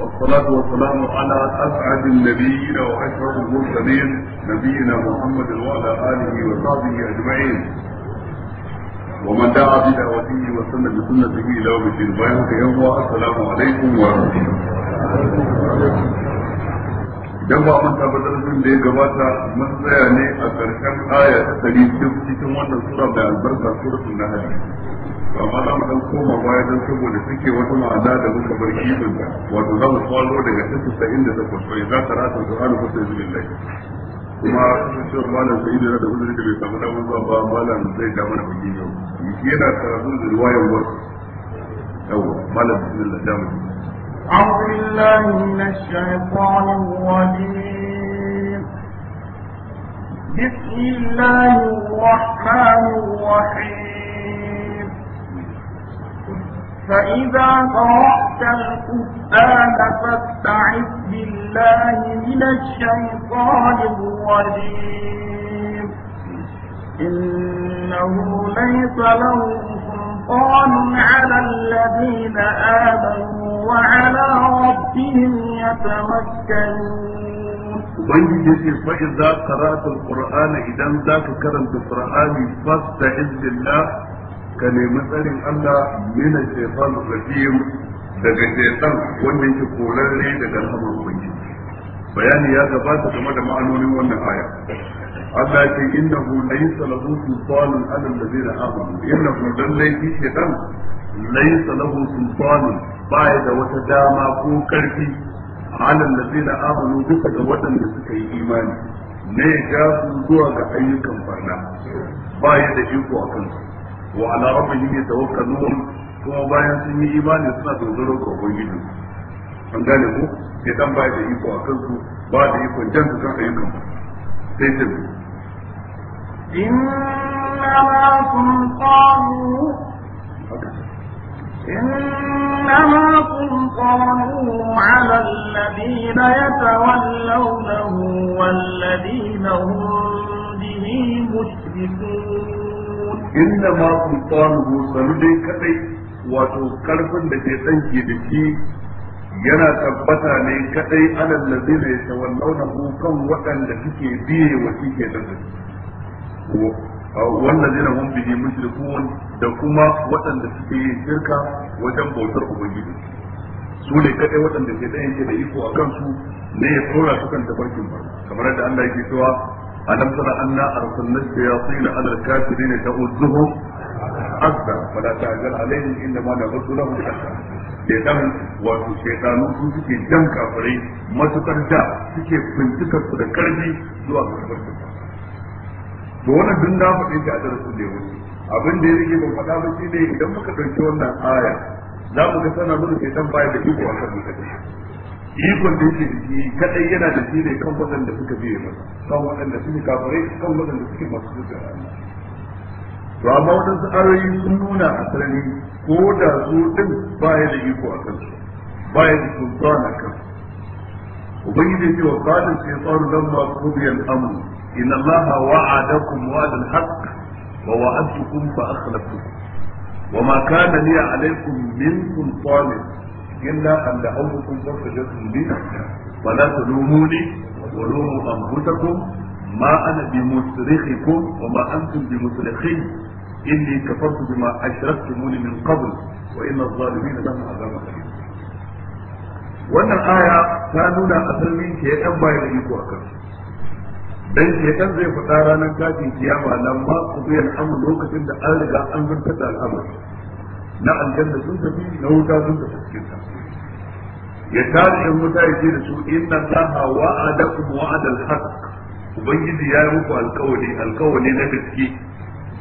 والصلاة والسلام على أسعد النبيين وأشرف المرسلين نبينا محمد وعلى آله وصحبه أجمعين ومن دعا بدعوته وسن بسنته إلى يوم الدين السلام عليكم ورحمة الله idan ba mun tabbatar sun da ya gabata mun tsaya ne a ƙarshen aya ta ɗari cikin wannan sura mai albarka suratul nahl amma za mu dan koma baya don saboda suke wata ma'ana da muka bar kibin wato za mu kwalo daga tasu ta inda ta kwasfai za ta rasa su hannu kusa yanzu bin lai kuma shirin malam sai da da uzuri da bai samu damar zuwa ba malam zai da mana bakin yau shi yana karatu da riwayar wasu yawa malam bismillah da mu أعوذ na من الشيطان بسم الله الرحمن الرحيم فإذا قرأت القرآن فاستعذ بالله من الشيطان الرجيم إنه ليس له سلطان على الذين آمنوا وعلى ربهم يتوكلون طيب ce fa idza qara'ta al-Qur'ana idan zaka karanta ka nemi tsarin Allah mina shaitan rajim daga shaitan wanda yake korarre daga alhamar ubangiji bayani ya gabata game da ma'anonin wannan aya Allah ya ce innahu laysa lahu sultanun ala alladhina amanu innahu lallai shi shaitan laysa lahu sultanun baya da wata dama ko karfi ala alladhina amanu duka da waɗanda suka yi imani ne ya su zuwa ga ayyukan barna ba ya da iko a kansu wa ala rabbihim yatawakkalun kuma bayan sun yi imani suna dogaro ga ubangiji an gane ko sai dan ba da iko a kansu ba da iko jan su kan ayyukan sai ta إنما سلطانه إنما سلطانه على الذين يتولونه والذين هم به مشركون inna ma sultanu sanu dai kadai wato karfin da ke dan ke da shi yana tabbata ne kadai alal ladina yatawallawnahu kan waɗanda suke biye wa suke ke da shi wallazina hum bihi mushrikun da kuma waɗanda suke yin shirka wajen bautar ubangiji su ne kadai waɗanda ke da da iko a su ne ya tsora su kan tabarkin ba kamar yadda Allah yake cewa ألم تر أنا أرسلنا الشياطين على الكافرين تؤذهم أكثر فلا تعجل عليهم إنما نعد لهم أكثر shaitan wato shaitanu sun suke jan kafirai matukar da suke bincikar su da karfi zuwa ga kafirai to wani duk na faɗin da darasin da abin da ya rage ban faɗa ba shine idan muka ɗauki wannan aya za mu ga baya da iko mutane ikon da yake da shi kadai yana da shi ne kan waɗanda suka biye masa kan waɗanda suke kafirai kan waɗanda suke masu suka to amma waɗansu aroyi sun nuna a sarari ko da su ɗin ba ya da iko a kansu ba ya da sultan a kansu ubangiji ce wa qala shaytanu lamma qudiya al-amr inna allaha wa'adakum wa'dal haqq wa wa'adtukum fa akhlaftukum وما كان لي عليكم من سلطان إلا أن دعوتكم فاستجبتم لي فلا تلوموني ولوموا أنفسكم ما أنا بمصرخكم وما أنتم بمصرخي إني كفرت بما أشركتموني من قبل وإن الظالمين لهم عذاب أليم wannan aya ta nuna asalin ke dan bayar da iko akan dan ke dan zai fada ranar kafin kiyama nan ba ku bayan amma lokacin da an riga an zartar da al'amari na aljanna sun tafi na wuta sun tafi cikin ta ya tare in wuta ya ce da su inna allaha wa'adakum wa'adal haqq ubangiji ya yi muku alkawari alkawari na gaske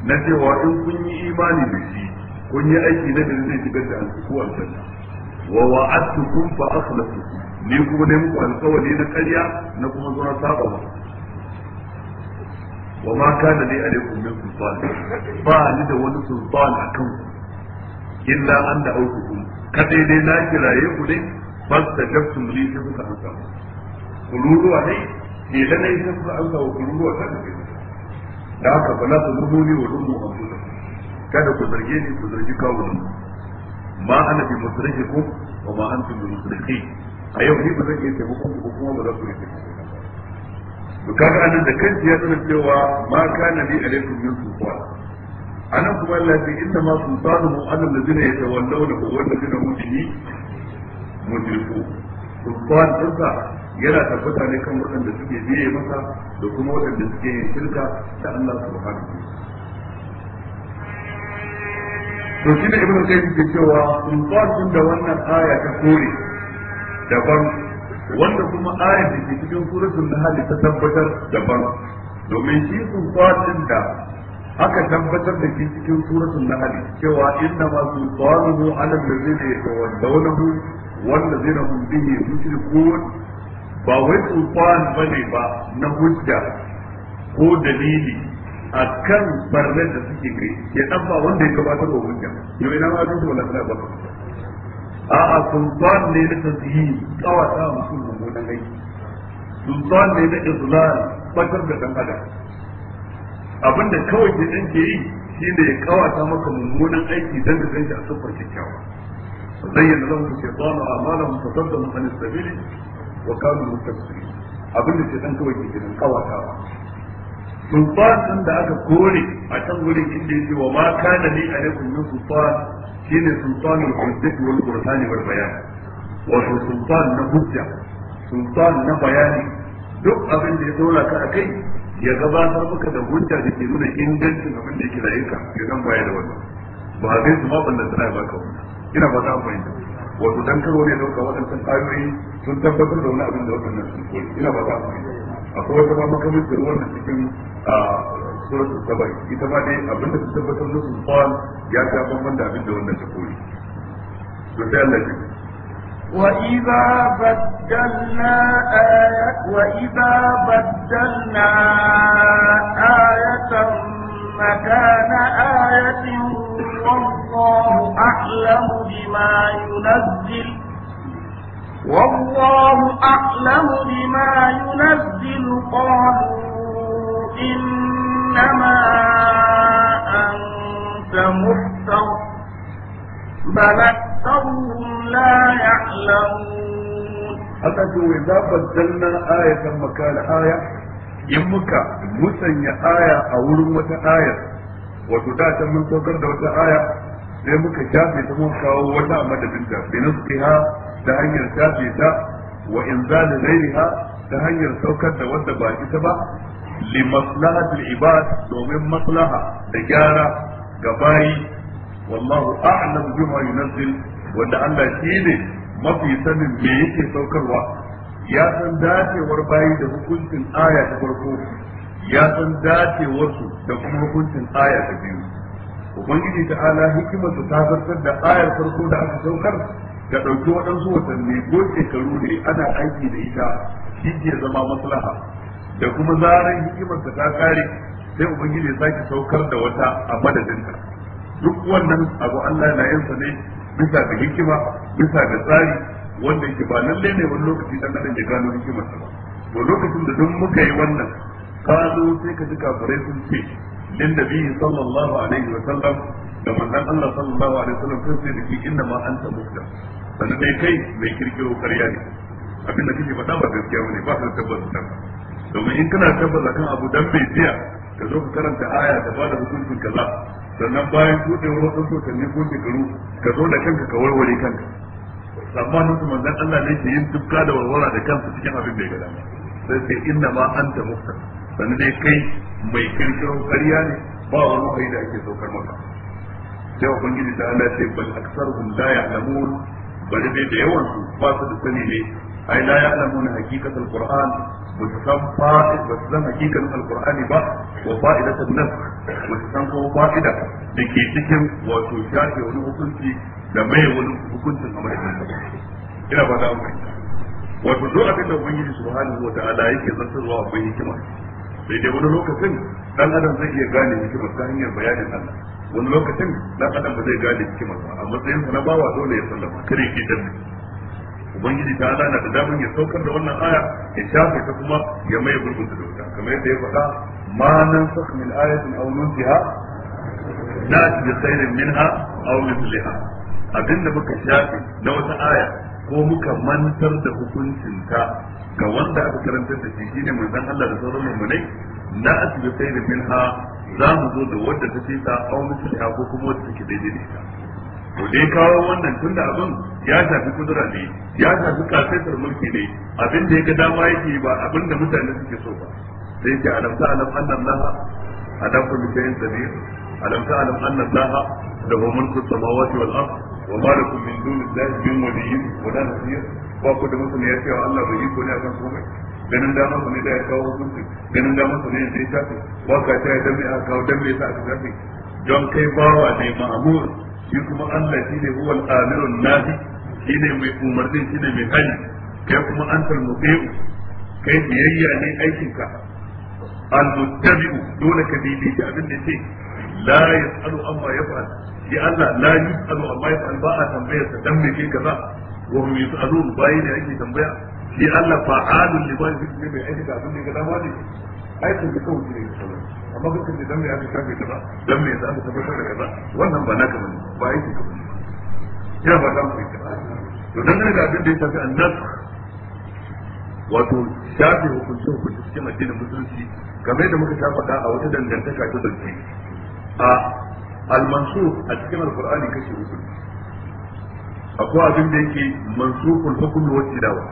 na cewa in kun yi imani da shi kun yi aiki na gari zai shigar da alkuku aljanna wa wa'adtukum fa akhlaftu ni kuma ne muku alkawari na ƙarya na kuma zuwa saba ba wa ma kana li alaikum min sultan ba ni da wani sultan akan ku illa an da auku kadai dai na kiraye ku ne fasta jabtum li shi kuka amsa kuluruwa ne ke da nai sai kuka amsa wa kuluruwa ta da kai da haka na ku zumuni wa rumu amsa kada ku zarge ni ku zargi kawo ni ma ana bi musrikikum wa ma antum bi musulunci. a yau ni ba zan iya taimakon ku kuma ba za ku yi to kaga anan da kanki ya sanar cewa ma kana li alaikum min sultan anan kuma Allah ce inna ma ta sultanuhu alal ladina yatawallawna wa alladina hum bihi mujrifu sultan dinsa yana tabbata ne kan waɗanda suke biye masa da kuma waɗanda suke yin shirka da Allah subhanahu to shi ne ibnu qayyim ke cewa sultan din da wannan aya ta kore daban wanda kuma ayar da ke cikin suratul nahl ta tabbatar daban domin shi sun din da aka tabbatar da shi cikin suratul nahl cewa inna ma sultanuhu ala allazina yatawallawnahu zai hum bihi mushrikun ba wai sultan bane ba na hujja ko dalili A kan barnar da suke kai ya ɗan ba wanda ya gabatar da hujja yau ina ma duk wannan suna ba a'a sultan ne na tsawata kawata mutum mummunan aiki sultan ne na izlal batar da ɗan adam abin da kawai ke ɗan ke yi shi ne ya kawata maka mummunan aiki don ka ganshi a siffar kyakkyawa zayyana lahum a malam fa saddamu an as-sabili wa kanu mustaqsimin abin da ke dan kawai ke gidan kawatawa sultan da aka kore a can wurin inda yake wa ma kana li alaikum min sultan shine sultanul hujjati wal qur'ani wal bayan wato sultan na hujja sultan na bayani duk abin da ya dora ka a kai. ya gabatar maka da hujja da ke nuna ingancin abin da yake da yanka ya zan baya da wannan ba zai su ma da sana ba ka ina ba za a fahimta wato dan karo ne dauka waɗancan ayoyi sun tabbatar da wani abin da waɗannan sun koyi ina ba za a fahimta akwai wata ma makamancin wannan cikin suratul sabai ita ma dai abin da ta tabbatar da su ya ta bambanta abin da wannan ta koyi to sai Allah وإذا بدلنا آية وإذا بدلنا آية مكان آية والله أعلم بما ينزل والله أعلم بما ينزل قالوا إنما أنت مفتر بل أكثرهم لا يعلمون أتت إذا بدلنا آية مكان آية يمك مسن آية أو رمة آية وتدات من سوكر وتا آية sai muka shafe ta mun kawo wata madadinta bi nusqiha ta hanyar shafe ta wa inzal ghayriha ta hanyar saukar da wadda ba ita ba li maslahatil ibad domin maslaha da gyara ga bayi wallahu a'lam wanda Allah shi ne mafi sanin me yake saukarwa ya san dacewar bayi da hukuncin aya ta farko ya san dacewar su da kuma hukuncin aya ta biyu ubangiji ta ala hikimar su ta zartar da ayar farko da aka saukar da ɗauki waɗansu watanni ko shekaru ne ana aiki da ita shi ke zama maslaha da kuma zarar hikimar ta kare sai ubangiji ya sake saukar da wata a madadinta duk wannan abu Allah na yin ne bisa ga hikima bisa ga tsari wanda yake ba lalle ne wani lokaci dan adam ya gano hikimar ba to lokacin da duk muka yi wannan kazo sai ka ji kafirai sun ce lin nabi sallallahu alaihi wa sallam da manzon Allah sallallahu alaihi wa sallam sun ce dake inna ma anta mukta sannan dai kai mai kirkiro karya ne da kake faɗa ba gaskiya bane ba ka tabbata domin in kana tabbata kan abu dan bai jiya ka zo ka karanta aya da bada hukuncin kaza sannan bayan kuɗewar wasu sotanni ko shekaru ka zo da kanka ka warware kanka amma nan su manzan Allah ne ke yin dukka da warwara da kansa cikin abin da gada sai sai inna ma anta muftar sannan dai kai mai kirkiro ƙarya ne ba wani wahayi da ake saukar maka sai ubangiji da Allah sai bal aksaruhum la ya'lamun bari dai da yawan su ba su da sani ne ai la ya'lamuna haqiqata alquran ba su san fa'id ba su san Al-Qur'ani ba wa fa'idatan nan ba su san ko fa'ida da ke cikin wato shafe wani hukunci da mai wani hukuncin a mai ina ba da amfani wato duk abin da ubangiji subhanahu wa ta'ala yake zartarwa akwai hikima sai dai wani lokacin dan adam zai iya gane hikimar ta hanyar bayanin Allah wani lokacin dan adam ba zai gane hikimar ba a matsayin sa na bawa dole ya sallama kare ki dan ubangiji ta ala na da daman ya saukar da wannan aya ya shafe ta kuma ya maye gurbin ta dauka kamar yadda ya faɗa ma nan sak min ayatin aw nunsiha na'ti bi khairin minha aw mithliha abinda muka shafe na wata aya ko muka mantar da hukuncin ta ga wanda aka karanta da shi shine manzon Allah da sauran mummunai na asibi sai da minha za mu zo da wadda ta ce ta au mutu ko kuma wadda take daidai da ita to dai kawo wannan tunda abin ya shafi kudura ne ya shafi kafetar mulki ne abin da ya ga dama yake ba abin da mutane suke so ba sai ce alamta alam annan laha adam kullu shay'in sabir alam ta alam annan laha lahu mulku samawati wal ard wa ma lakum min dunillahi min yi wa la nasir ba ku da mutune ya cewa Allah bai yi ko ne akan komai ganin dama su ne da ya kawo hukunci ganin dama su ne da ya shafi ba ka ta ya dambe a kawo dambe ya sa aka shafi don kai bawa ne ma'amur shi kuma Allah shi ne huwal amirun nahi shi ne mai umarnin shi ne mai hali kai kuma an talmutsiyu kai biyayya ne aikinka al-muttabi'u dole ka bibi abin da ce la yas'alu amma yaf'al shi Allah la yas'alu amma yaf'al ba a tambayar sa dan me ke kaza wa hum yas'alun bai ne ake tambaya shi Allah fa'alun li ba shi ne mai aikata abin da ya ga dama ne aikin da kawai ne amma kuka ce dan me aka shafe ka ba dan me yasa aka tabbatar da kaza wannan ba naka bane ba aiki ka bane ya ba za mu ku ba. to dan da abin da ya shafi annas wato shafi hukuncin hukunci cikin addinin musulunci game da muka ta a wata dangantaka ta zance a al-mansur a cikin alqur'ani kashi uku akwai abin da yake mansukul hukm wa tilawa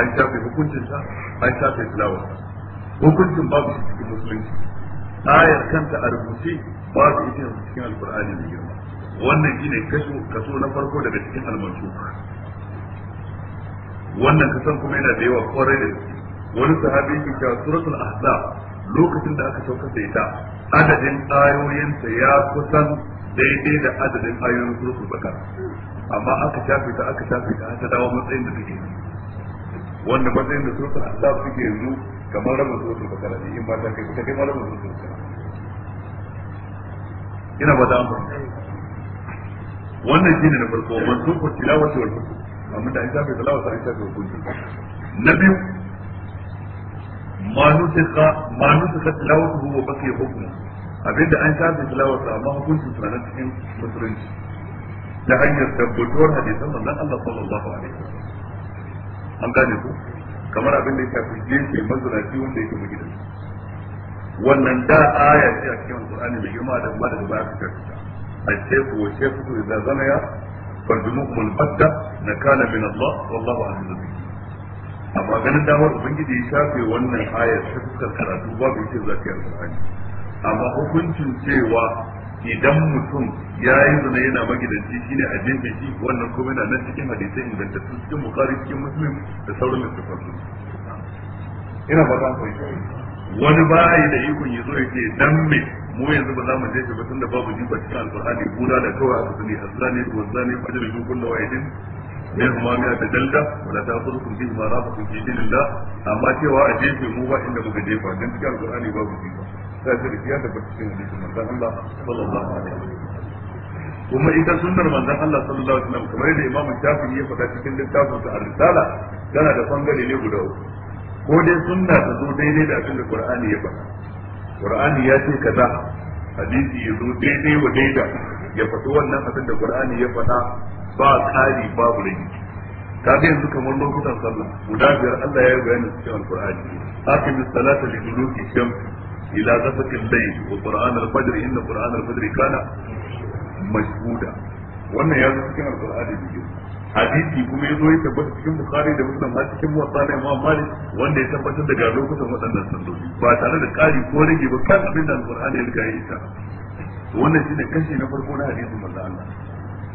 an shafe hukuncin sa an shafe filawa hukuncin babu cikin musulunci ayar kanta a rubuce ba su ita yanzu cikin alkur'ani mai girma wannan shine kaso kaso na farko daga cikin almansu wannan kasan kuma yana da yawa kwarai da wani sahabi yake cewa suratul ahzab lokacin da aka saukar da ita adadin ayoyinta ya kusan daidai da adadin ayoyin suratul bakar amma aka shafe ta aka shafe ta ta dawo matsayin da take wanda matsayin da suratul ahzab suke yanzu kamar rabin suratul bakara ne in ba ta kai ta kai ma rabin suratul ina ba da an wannan shine na farko mansuku tilawati wal hukm amma da isa bai tilawata isa bai hukunci na biyu ma nusika ma nusika ba su baki hukmu abinda an shafe tilawata amma hukuncin sa na cikin musulunci da hanyar tabbatuwar hadisan manzon Allah sallallahu alaihi wasallam an gane ku kamar abin da ya shafi jinsi mazurafi wanda yake magidan wannan da aya ce a cikin Qur'ani mai girma da kuma daga baya fitar ta al-shaykhu wa shaykhu idza zanaya farjumuhum al-fatta nakala min Allah wallahu azizun amma ganin dawar ubangiji ya shafe wannan aya ta fuskar karatu babu yake zakiyar Qur'ani amma hukuncin cewa idan mutum ya yi zina yana magidanci ne a jefe shi wannan kuma yana nan cikin hadisai ingantattu cikin bukari cikin muslim da sauran littattafan ina ba zan fahimta wani ba yi da ikon ya zo ya ce dan me mu yanzu ba za mu shi ba tunda babu jiba cikin alfahari guda da kawai aka azzani azani wa zani fajr bi kullu wahidin min huma mi ta dalda wala ta kun ji ma rafa fi da, amma cewa a jefe mu ba inda muka jefa dan cikin alfahari babu jiba kuma ya tabbata cikin hadisin manzon Allah sallallahu alaihi wasallam kuma ita sunnar manzon Allah sallallahu alaihi wasallam kamar da Imam Shafi'i ya faɗa cikin littafin sa Ar-Risala tana da bangare ne guda uku ko dai sunna ta zo daidai da abin da Qur'ani ya faɗa Qur'ani ya ce kaza hadisi ya zo daidai wa daida ya faɗi wannan abin da Qur'ani ya faɗa ba kari babu rage ga yanzu kamar lokutan sallah guda biyar Allah ya yi bayani cikin Al-Qur'ani aqimis salata li duluki shams ila ghasaqil layl wa qur'an al-fajr inna qur'an al-fajr wannan ya zo cikin al-qur'ani da yake hadisi kuma ya zo ya tabbata cikin bukhari da muslim har cikin wasa na imam malik wanda ya tabbatar daga lokutan waɗannan salloli ba tare da ƙari ko rage ba kan abin da al-qur'ani ya riga ya isa wannan shine kashi na farko na hadisin manzon Allah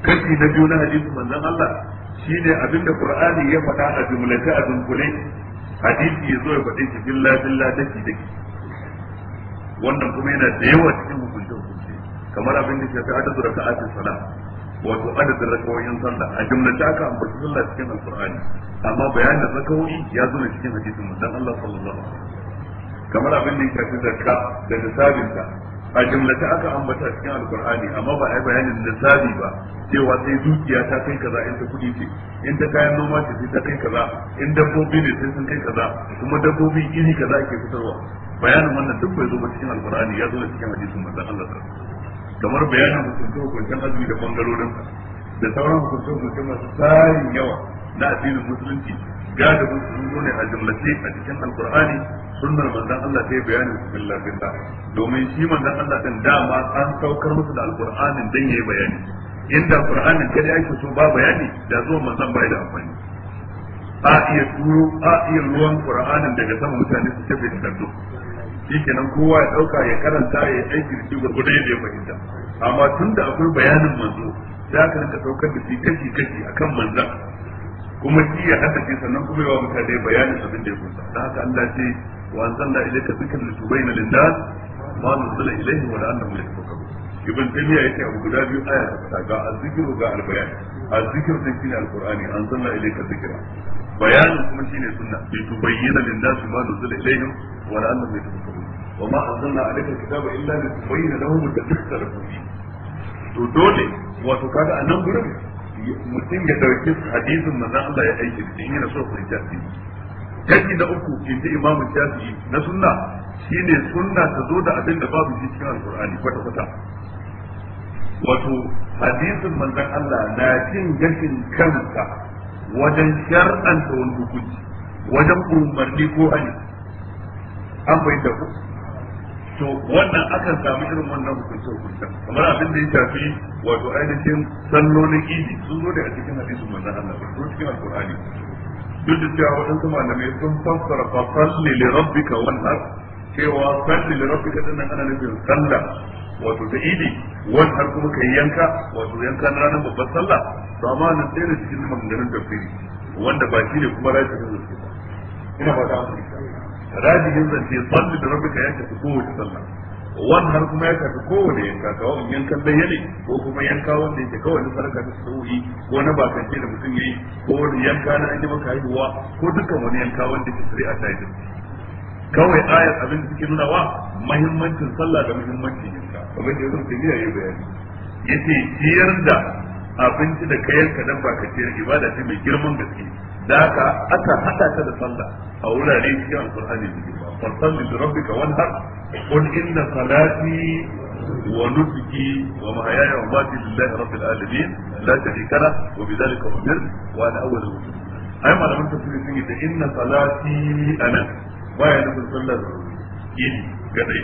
kashi na biyu na hadisin manzon Allah shine abin da qur'ani ya faɗa a jumlace a dunkule hadisi ya zo ya faɗi shi billa billa daki daki wannan kuma yana da yawa cikin hukunce hukunce kamar abin da shafi adadu raka'atin sana wato adadin rakawoyin sallah a ta aka ambaci sallah cikin alqur'ani amma bayanin da rakawoyi ya zo cikin hadisin don Allah sallallahu alaihi wasallam kamar abin da ya shafi zakka da nisabinta a jumlata aka ambata cikin alkur'ani amma ba a bayanin lissafi ba cewa sai dukiya ta kai kaza in ta kuɗi ce in ta kayan noma ce sai ta kai kaza in dabbobi ne sai sun kai kaza kuma dabbobi iri kaza ke fitarwa bayanin wannan duk bai zo ba cikin alkur'ani ya zo cikin hadisin manzon Allah kamar bayanin hukunce hukuncin azumi da bangarorin da sauran hukuncin hukuncen masu tsarin yawa na addinin musulunci galibin su ne a jumlace a cikin alkur'ani sunnar manzon Allah sai bayanin su billah domin shi manzon Allah din dama an saukar musu da alkur'anin dan yayi bayani inda qur'anin kada yake so ba bayani da zuwa manzon bai da amfani a iya turo a iya ruwan qur'anin daga sama mutane su tafi da kaddu shikenan kowa ya dauka ya karanta ya aiki da shi gurgurdan yadda ya fahimta amma tunda akwai bayanin manzo za ka rinka saukar da shi kashi kashi akan manzon kuma shi ya hada shi sannan kuma yawa mutane bayanin abin da ya kusa da haka Allah ce wa anzalna ilayka dhikra litubayyana lin-nas ma nuzila ilayhim wa la'annahum yatafakkarun ibn taymiya yake abu guda biyu aya ta fada ga azzikiru ga albayan azzikiru din shine alqur'ani anzalna ilayka dhikra bayanin kuma shi shine sunna litubayyana lin-nas ma nuzila ilayhim wa la'annahum yatafakkarun wa ma anzalna ilayka kitaba illa litubayyana lahum ma ikhtalafu fihi to dole wato kaga anan gurin mutum ya dauki hadisin manzon Allah ya aiki da in yana so su yi kashi na uku in ji imamu shafi'i na sunna shine sunna ta zo da abin da babu shi cikin alqur'ani kwata kwata wato hadisin manzon Allah na cin gashin kanka wajen shar'anta wani hukunci wajen umarni ko hani an bai da to wannan akan samu irin wannan hukuncin hukuncin kamar abin da ya shafi wato ainihin sallolin idi sun zo da a cikin hadisin manzon Allah sun cikin alqur'ani duk da cewa waɗansu malamai sun fassara fa salli li rabbika wanhar cewa salli li rabbika din nan ana nufin sallah wato da idi wanhar kuma kai yanka wato yanka na ranar babbar sallah to amma nan sai cikin maganganun tafsiri wanda ba shi ne kuma rashin gaske ba ina ba ta amfani yin zance sallu da rabbika yanka tafi kowace sallah wannan kuma ya kafi kowane yanka kawai yankan ɗaya ne ko kuma yanka wanda yake kawai na sarka ta sauri ko na bakance da mutum yi ko wani yanka na an yi maka haihuwa ko dukkan wani yanka wanda yake shari'a ta yi kawai ayar abin da suke nuna wa muhimmancin sallah da muhimmancin yanka kamar da yanzu kan yayi bayani yace ciyar da abinci da kayan ka dan bakance ibada ce mai girman gaske da haka aka hada ta da sallah a wurare cikin alqur'ani da girma fa salli li rabbika wanhar qul inna salati wa nusuki wa mahayaya wa mati lillahi rabbil alamin la sharika lah wa bidhalika umirtu wa ana awwalul muslimin ai malaman tafsiri sun yi da inna salati ana baya nufin sallar ga kadai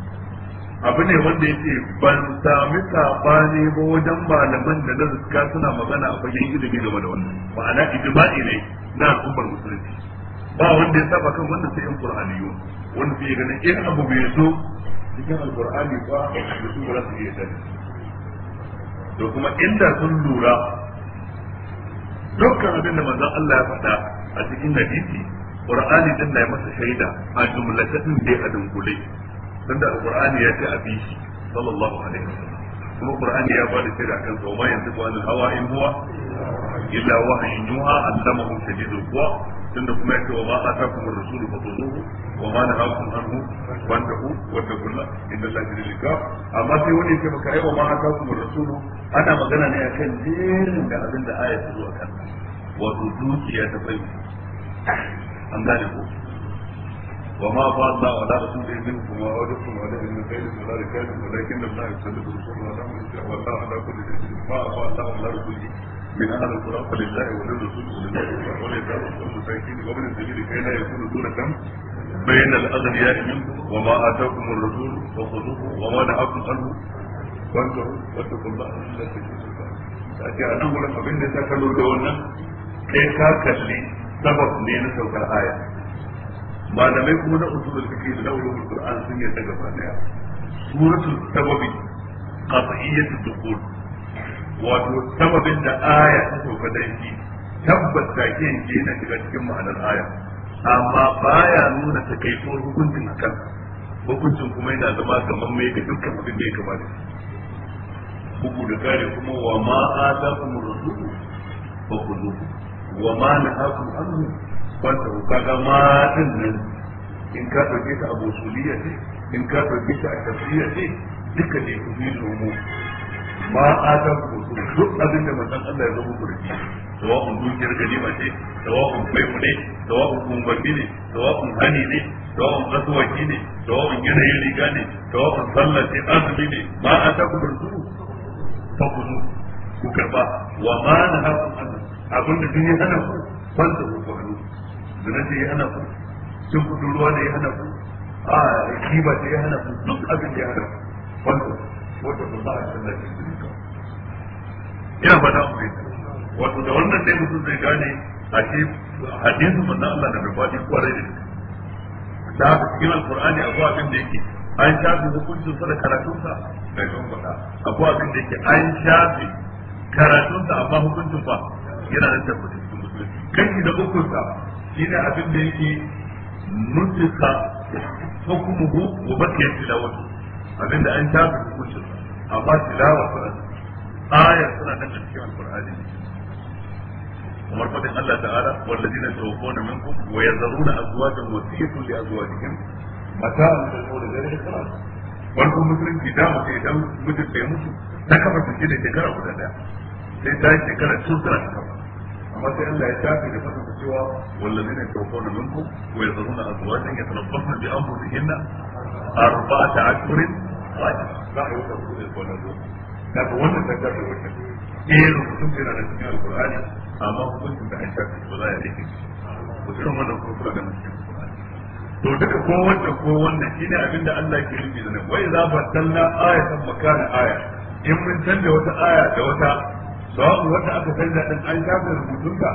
abu ne wanda ya ce ban sami sabani ba wajen malaman da na zuka suna magana a fagen ilimi game da wannan ma'ana ijma'i ne na al'ummar musulunci ba wanda ya saba kan wanda sai yan qur'aniyu wanda sai ganin in abu bai zo cikin alqur'ani ba da su ba su iya sani to kuma inda sun lura dukkan abin da manzon Allah ya faɗa a cikin hadisi qur'ani din da ya masa shaida a jumlatin da a dunkule tunda alqur'ani ya ce a bi shi sallallahu alaihi wasallam kuma qur'ani ya bada shaida kan sa ma yanzu ba al hawa in huwa illa wahyin yuha allamahu shadidul quwa tunda kuma yake wa ma atakum ar-rasulu fatuzuhu wa ma nahakum anhu fantahu wa taqulla inna allaha shadidul iqab amma sai wani yake maka ai wa ma atakum ar-rasulu ana magana ne akan jerin da abin da ayatu zuwa kan wato dukiya ta bai an gane ko وما فضل على رسول منكم وأولكم ولا من غير ولا رجال ولكن الله يسلم الرسول ولا يسلم والله على كل شيء ما فضل على رسوله من أهل القرى فلله وللرسول ولله وليتابع المساكين ومن السبيل كي لا يكون دون كم بين الأغنياء منكم وما آتاكم الرسول فخذوه وما نهاكم عنه وانتهوا واتقوا الله إلا في ake a nan wurin abin da ta kallo da wannan kai ka kalli sabab ne na saukar aya malamai kuma na da suke da na ulumul qur'an sun yi ta gaba daya suratul sababi qat'iyatul dukhul wato sababin da aya ta soka da shi tabbata yin ji na daga cikin ma'anar aya amma baya nuna ta kai takaituwar hukuncin akan hukuncin kuma yana zama kamar mai ga dukkan abin da ya kamata bugu da kare kuma wa ta kuma rasulu fa khudhuhu wa ma ta kuma wanda kaga ma din nan in ka dauke ta abu suliya ce in ka dauke ta tafsiya ce duka ne ku yi mu ma adam ku duk abin da manzon Allah ya zama ku da shi sawa'un dukiyar ganima ce sawa'un kwaifu ne sawa'un kumbaci ne sawa'un hani ne sawa'un kasuwanci ne sawa'un yanayin riga ne sawa'un sallah ce azumi ne ma adam ku da su fa ku ku karba wa ma na haku abin da duniya hana ku fanta ku zina ce ya hana ku cin kudin ruwa ne ya hana ku a riba ce ya hana ku duk abin ya hana ku wanda wata ku za a cikin da cikin ina ba da mai wato da wannan dai mutum zai gane a ce hadisin manzon Allah da bai faɗi kwarai da gaske da haka cikin alkur'ani akwai abin da yake an shafe hukuncin sa da karatunsa da kan faɗa akwai abin da yake an shafe sa amma hukuncin ba yana da tabbata cikin musulunci kashi da ukunsa Ina abin da yake nutuka hukumuhu wa bakiya tilawatu abin da an tafi hukuncin amma tilawa suna ayar suna nan cikin alqur'ani kamar fadin Allah ta'ala wallazina tawaffawna minkum wa yazaruna azwajan wasiyatan li azwajihim mata'an lil qawli ghayra ikrar wal musulunci da mutum idan mutum bai mutu ta kafa take da shekara guda daya sai ta shekara tun tana ta kafa amma sai Allah ya tafi da fasa da cewa wallazi ne tawfona na wa yazruna azwajan yatarabbasna bi anfusihinna arba'ata ashhurin wa za a yi wata su ko wannan zuwa daga wannan ta tafi wata eh rubutun yana da cikin alqur'ani amma hukuncin da an shafi ba za a yi rike shi mutum wannan kuma suna da mutum to duka ko wanda ko wannan shine abin da Allah ke rubi da nan wai za ba talla ayatan makana aya in mun canza wata aya da wata sawabu wanda aka canza da an shafe rubutunta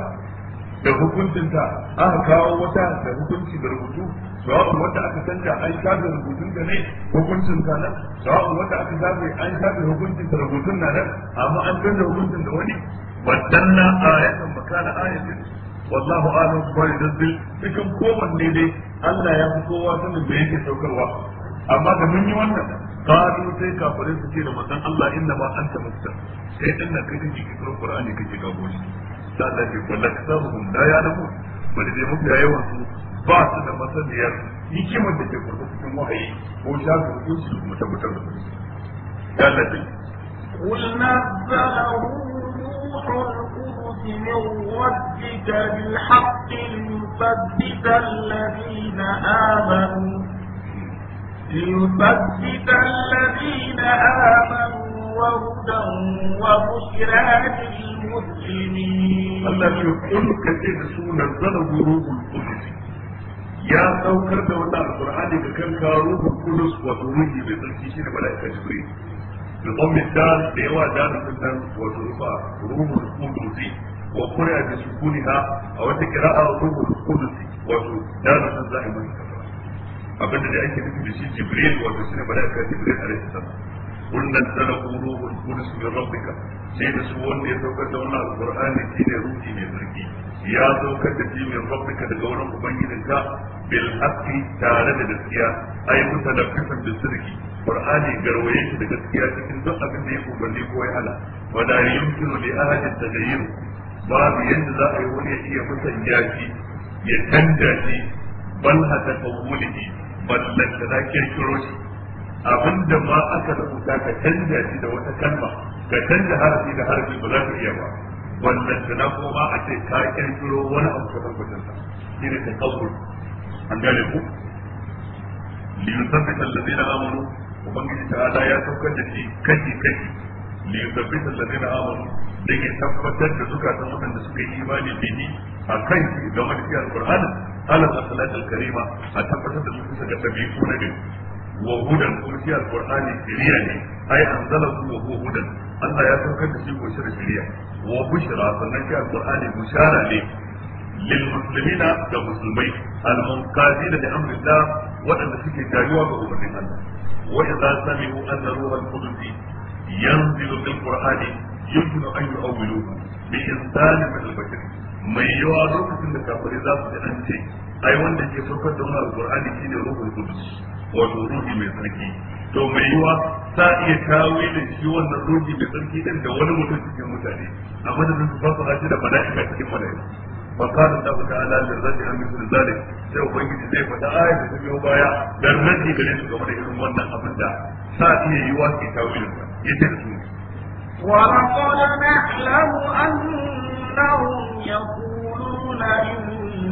da hukuncinta aka kawo wata da hukunci da rubutu sawabu wanda aka canza an shafe rubutunta ne hukuncinta nan sawabu wanda aka da an da hukuncin da rubutun na nan amma an canza hukuncin da wani wadanna ayatan makana ayatin wallahu a'lam bi dhabbil cikin kowanne dai Allah ya fi kowa sanin da yake saukarwa amma da mun yi wannan qalu sai kafare su ce da manzon Allah inna ma anta mustar sai dan nan kai kake kiran qur'ani kake gago shi da Allah ke kullu kasabuhum la ya'lamu bal dai mafi yawan su ba su da masaniyar hikimar da ke kullu cikin wahayi ko shafi su tabbatar da قلنا نبأه روح القدس من ربك بالحق ليثبت الذين آمنوا ليثبت الذين آمنوا وهدى وبشرى للمسلمين الله يقول كثير سونا نزل روح القدس يا سوكر ده وانا القرآن ده كان روح القدس وروحي بتركي شيء ملائكة جبريل بضم الدال بيوا دال الإنسان وترفع روح القدس وقرأ بسكونها أو تقرأ روح القدس وتدال الزائمين abin da ake nufi da shi jibril wato shine malaika jibril alaihi salam kun nazzala ruhul qudus min rabbika sai da su wanda ya saukar da wannan alqur'ani shine ruhi mai sarki ya saukar da shi min rabbika daga wurin ubangijinka bil haqqi tare da gaskiya ai mutalaffisan bil sirri qur'ani garwaye shi da gaskiya cikin duk abin da ya umarni ko ya hala wala yumkinu li ahadin taghayyur babu yanda za a yi wani ya iya musanya shi ya canja shi bal a tasawwulihi Wannan ballanta na kirkiro shi abinda ma aka rubuta ka canza shi da wata kalma ka canja harafi da harafi ba za ka iya ba wannan da na koma a ce ka kirkiro wani abu ka tabbatar da shi ne tasawur an gane ku liyusabbita na amanu ubangiji ta'ala ya saukar da shi kashi kashi liyusabbita allazina amanu dan ya tabbatar da zukatan waɗanda suka yi imani bihi a kai shi game da Al-Qur'an, ala salatul karima a tabbatar da su ga ko na din wa hudan kuma shi alqur'ani shiriya ne ai anzalahu wa hudan Allah ya saukar da shi ko da shiriya wa bushra sannan shi alqur'ani bushara ne للمسلمين كمسلمين المنقادين لامر الله وان سكي جايوا بامر الله واذا سمعوا ان روح القدس ينزل في يمكن ان يؤولوه بانسان من البشر mai yawa lokacin da kafirai za su ji an ce ai wanda ke farkon da wani alkur'ani shine ruhul qudus wato ruhi mai tsarki to mai yiwa ta iya kawo da shi wannan ruhi mai tsarki din da wani mutum cikin mutane a madadin su fasara shi da mala'ika cikin mala'ika فقال الله تعالى للرد عن مثل ذلك sai ubangiji zai faɗa aya da ta biyo baya dan radi gare su game da irin wannan abin da sa iya yiwa ke tawilin ya ce su ولقد نعلم أن إنهم يقولون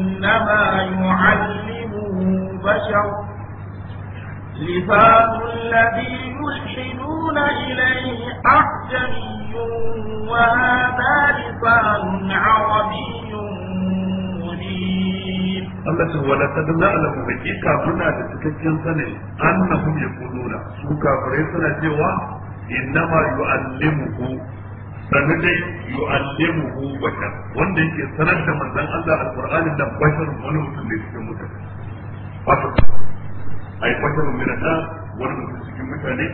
إنما يعلمه بشر لباس الذي يلحدون إليه أعجمي وهذا لسان عربي مبين Allah ce wa laqad na'lamu hakika muna da cikakken sanin annahum yaquluna su kafirai suna cewa innama yu'allimuhu sannan dai yu'allimuhu bashar wanda yake sanar da manzon Allah alqur'ani da bashar wani mutum da cikin mutum wato ai bashar min da wani mutum cikin mutane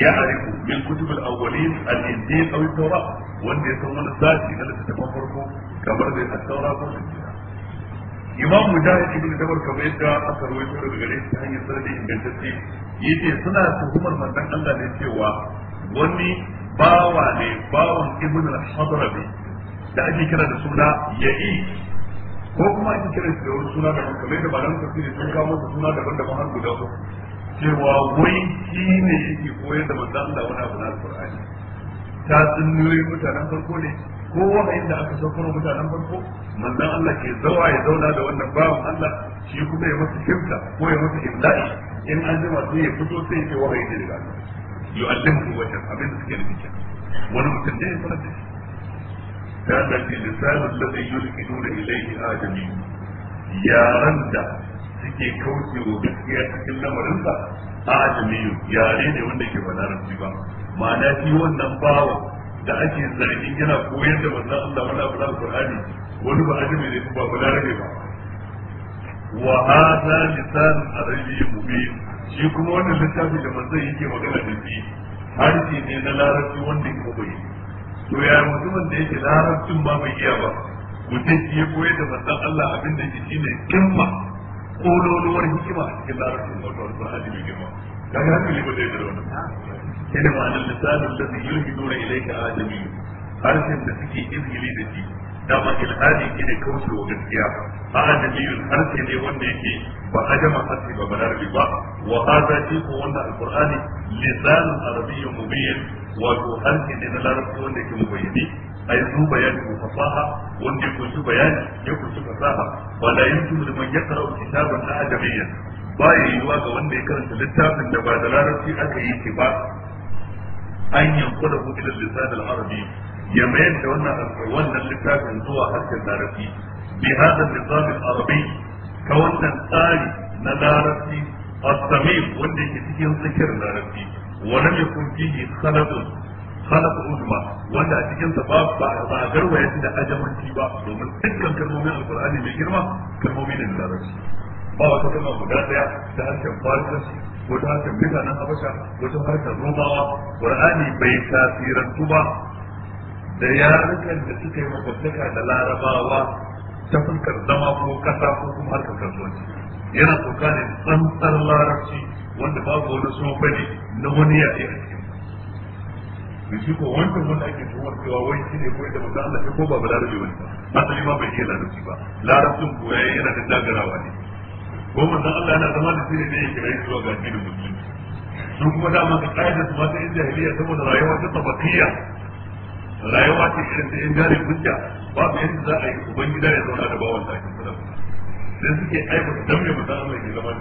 ya arifu min kutub al-awwalin al indiy aw at-taura wanda ya san wani sashi na littafin farko kamar da at-taura ko imam mujahid ibn jabr kamar yadda aka rawaito daga gare shi ta hanyar sanadin ingantacce yace suna tuhumar manzon Allah ne cewa wani bawa ne bawan ibn al-hadrami da ake kira da suna yayi ko kuma ake kira da wani suna da kuma da malamin tafsiri sun kawo da suna daban-daban har guda uku cewa wai shi ne yake koyar da manzo Allah wani abu na Qur'ani ta tsinniyoyi mutanen farko ne ko wahayin da aka saukar mutanen farko manzo Allah ke zawa ya zauna da wannan bawan Allah shi kuma ya masa kimta ko ya masa imdai in an jima sai ya fito sai ya ce wahayi ne daga Allah yu'allimuhu wajen abin da suke da kenan wani mutum ne ya sanar da shi ta zafi lisanin ladai yulkinu da ilaihi ajami yaran da suke kauce wa gaskiya cikin lamarinsa ajami yare ne wanda ke yake da larabci ba ma'ana shi wannan bawa da ake zargin yana koyar da manzon Allah wani abu na Qur'ani wani ba ajami ne ba ba larabe ba wa hadha lisanun arabiy mubin shi kuma wannan littafi da manzon yake magana da shi harshe ne na larabci wanda yake bai to ya mutumin da yake larabcin ba bai iya ba mutum ya koyar da manzon Allah abin da yake shine kimma kololuwar hikima a cikin larabcin wato alqur'ani mai girma ya hankali ba dai da wannan ma ma'anar lisanin da zai yulhi nuna ilaika ajami harshen da suke izgili da shi dama ilhadi ne kaucewa gaskiya a har harshe ne wanda yake ba ajama asli ba balarabi ba wa hada shi ko wannan alqur'ani lisanun arabiyyun mubin wato harshe ne na larabci wanda yake mubayyani ai su bayani ko fasaha wanda ya kunshi bayani ya kunshi fasaha ba la yumkinu liman yaqra'u kitaban ajamiyyan ba ya yiwa ga wanda ya karanta littafin da ba da larabci aka yi shi ba an ko ya mayar da wannan wannan littafin zuwa harshen larabci bi hada Ka wannan tsari na larabci a sami wanda ke cikin zikir larabci wa ya yakun fihi khalaqun khalaq uzma wanda a cikin sa ba a garwaya shi da ajamanci ba domin dukkan kalmomin alqur'ani mai girma kalmomi ne larabci ba ta kama guda daya da harshen farsanci ko ta harshen na habasha ko ta harshen romawa qur'ani bai tasirantu ba da yarukan da suka yi makwabtaka da larabawa ta fuskar zama ko kasa ko kuma harkar kasuwanci yana sauka ne tsantsar larabci wanda babu wani sofani na wani yaƙi a cikin da shi ko wancan wanda ake tuhumar cewa wai shi ne kawai da mutum Allah ko ba ba larabi wani ba asali ma bai iya larabci ba larabcin koya yana da dagarawa ne ko mutum Allah yana zama da shi ne ya kira shi zuwa ga da mutum sun kuma dama ka kaidar su ma ta jahiliya saboda rayuwa ta tabakiyya rayuwa ce irin ta yan gane ba babu yadda za a yi ubangida ya zauna da bawan da ake kula sai suke aikata dan mai mutum amma ke zama da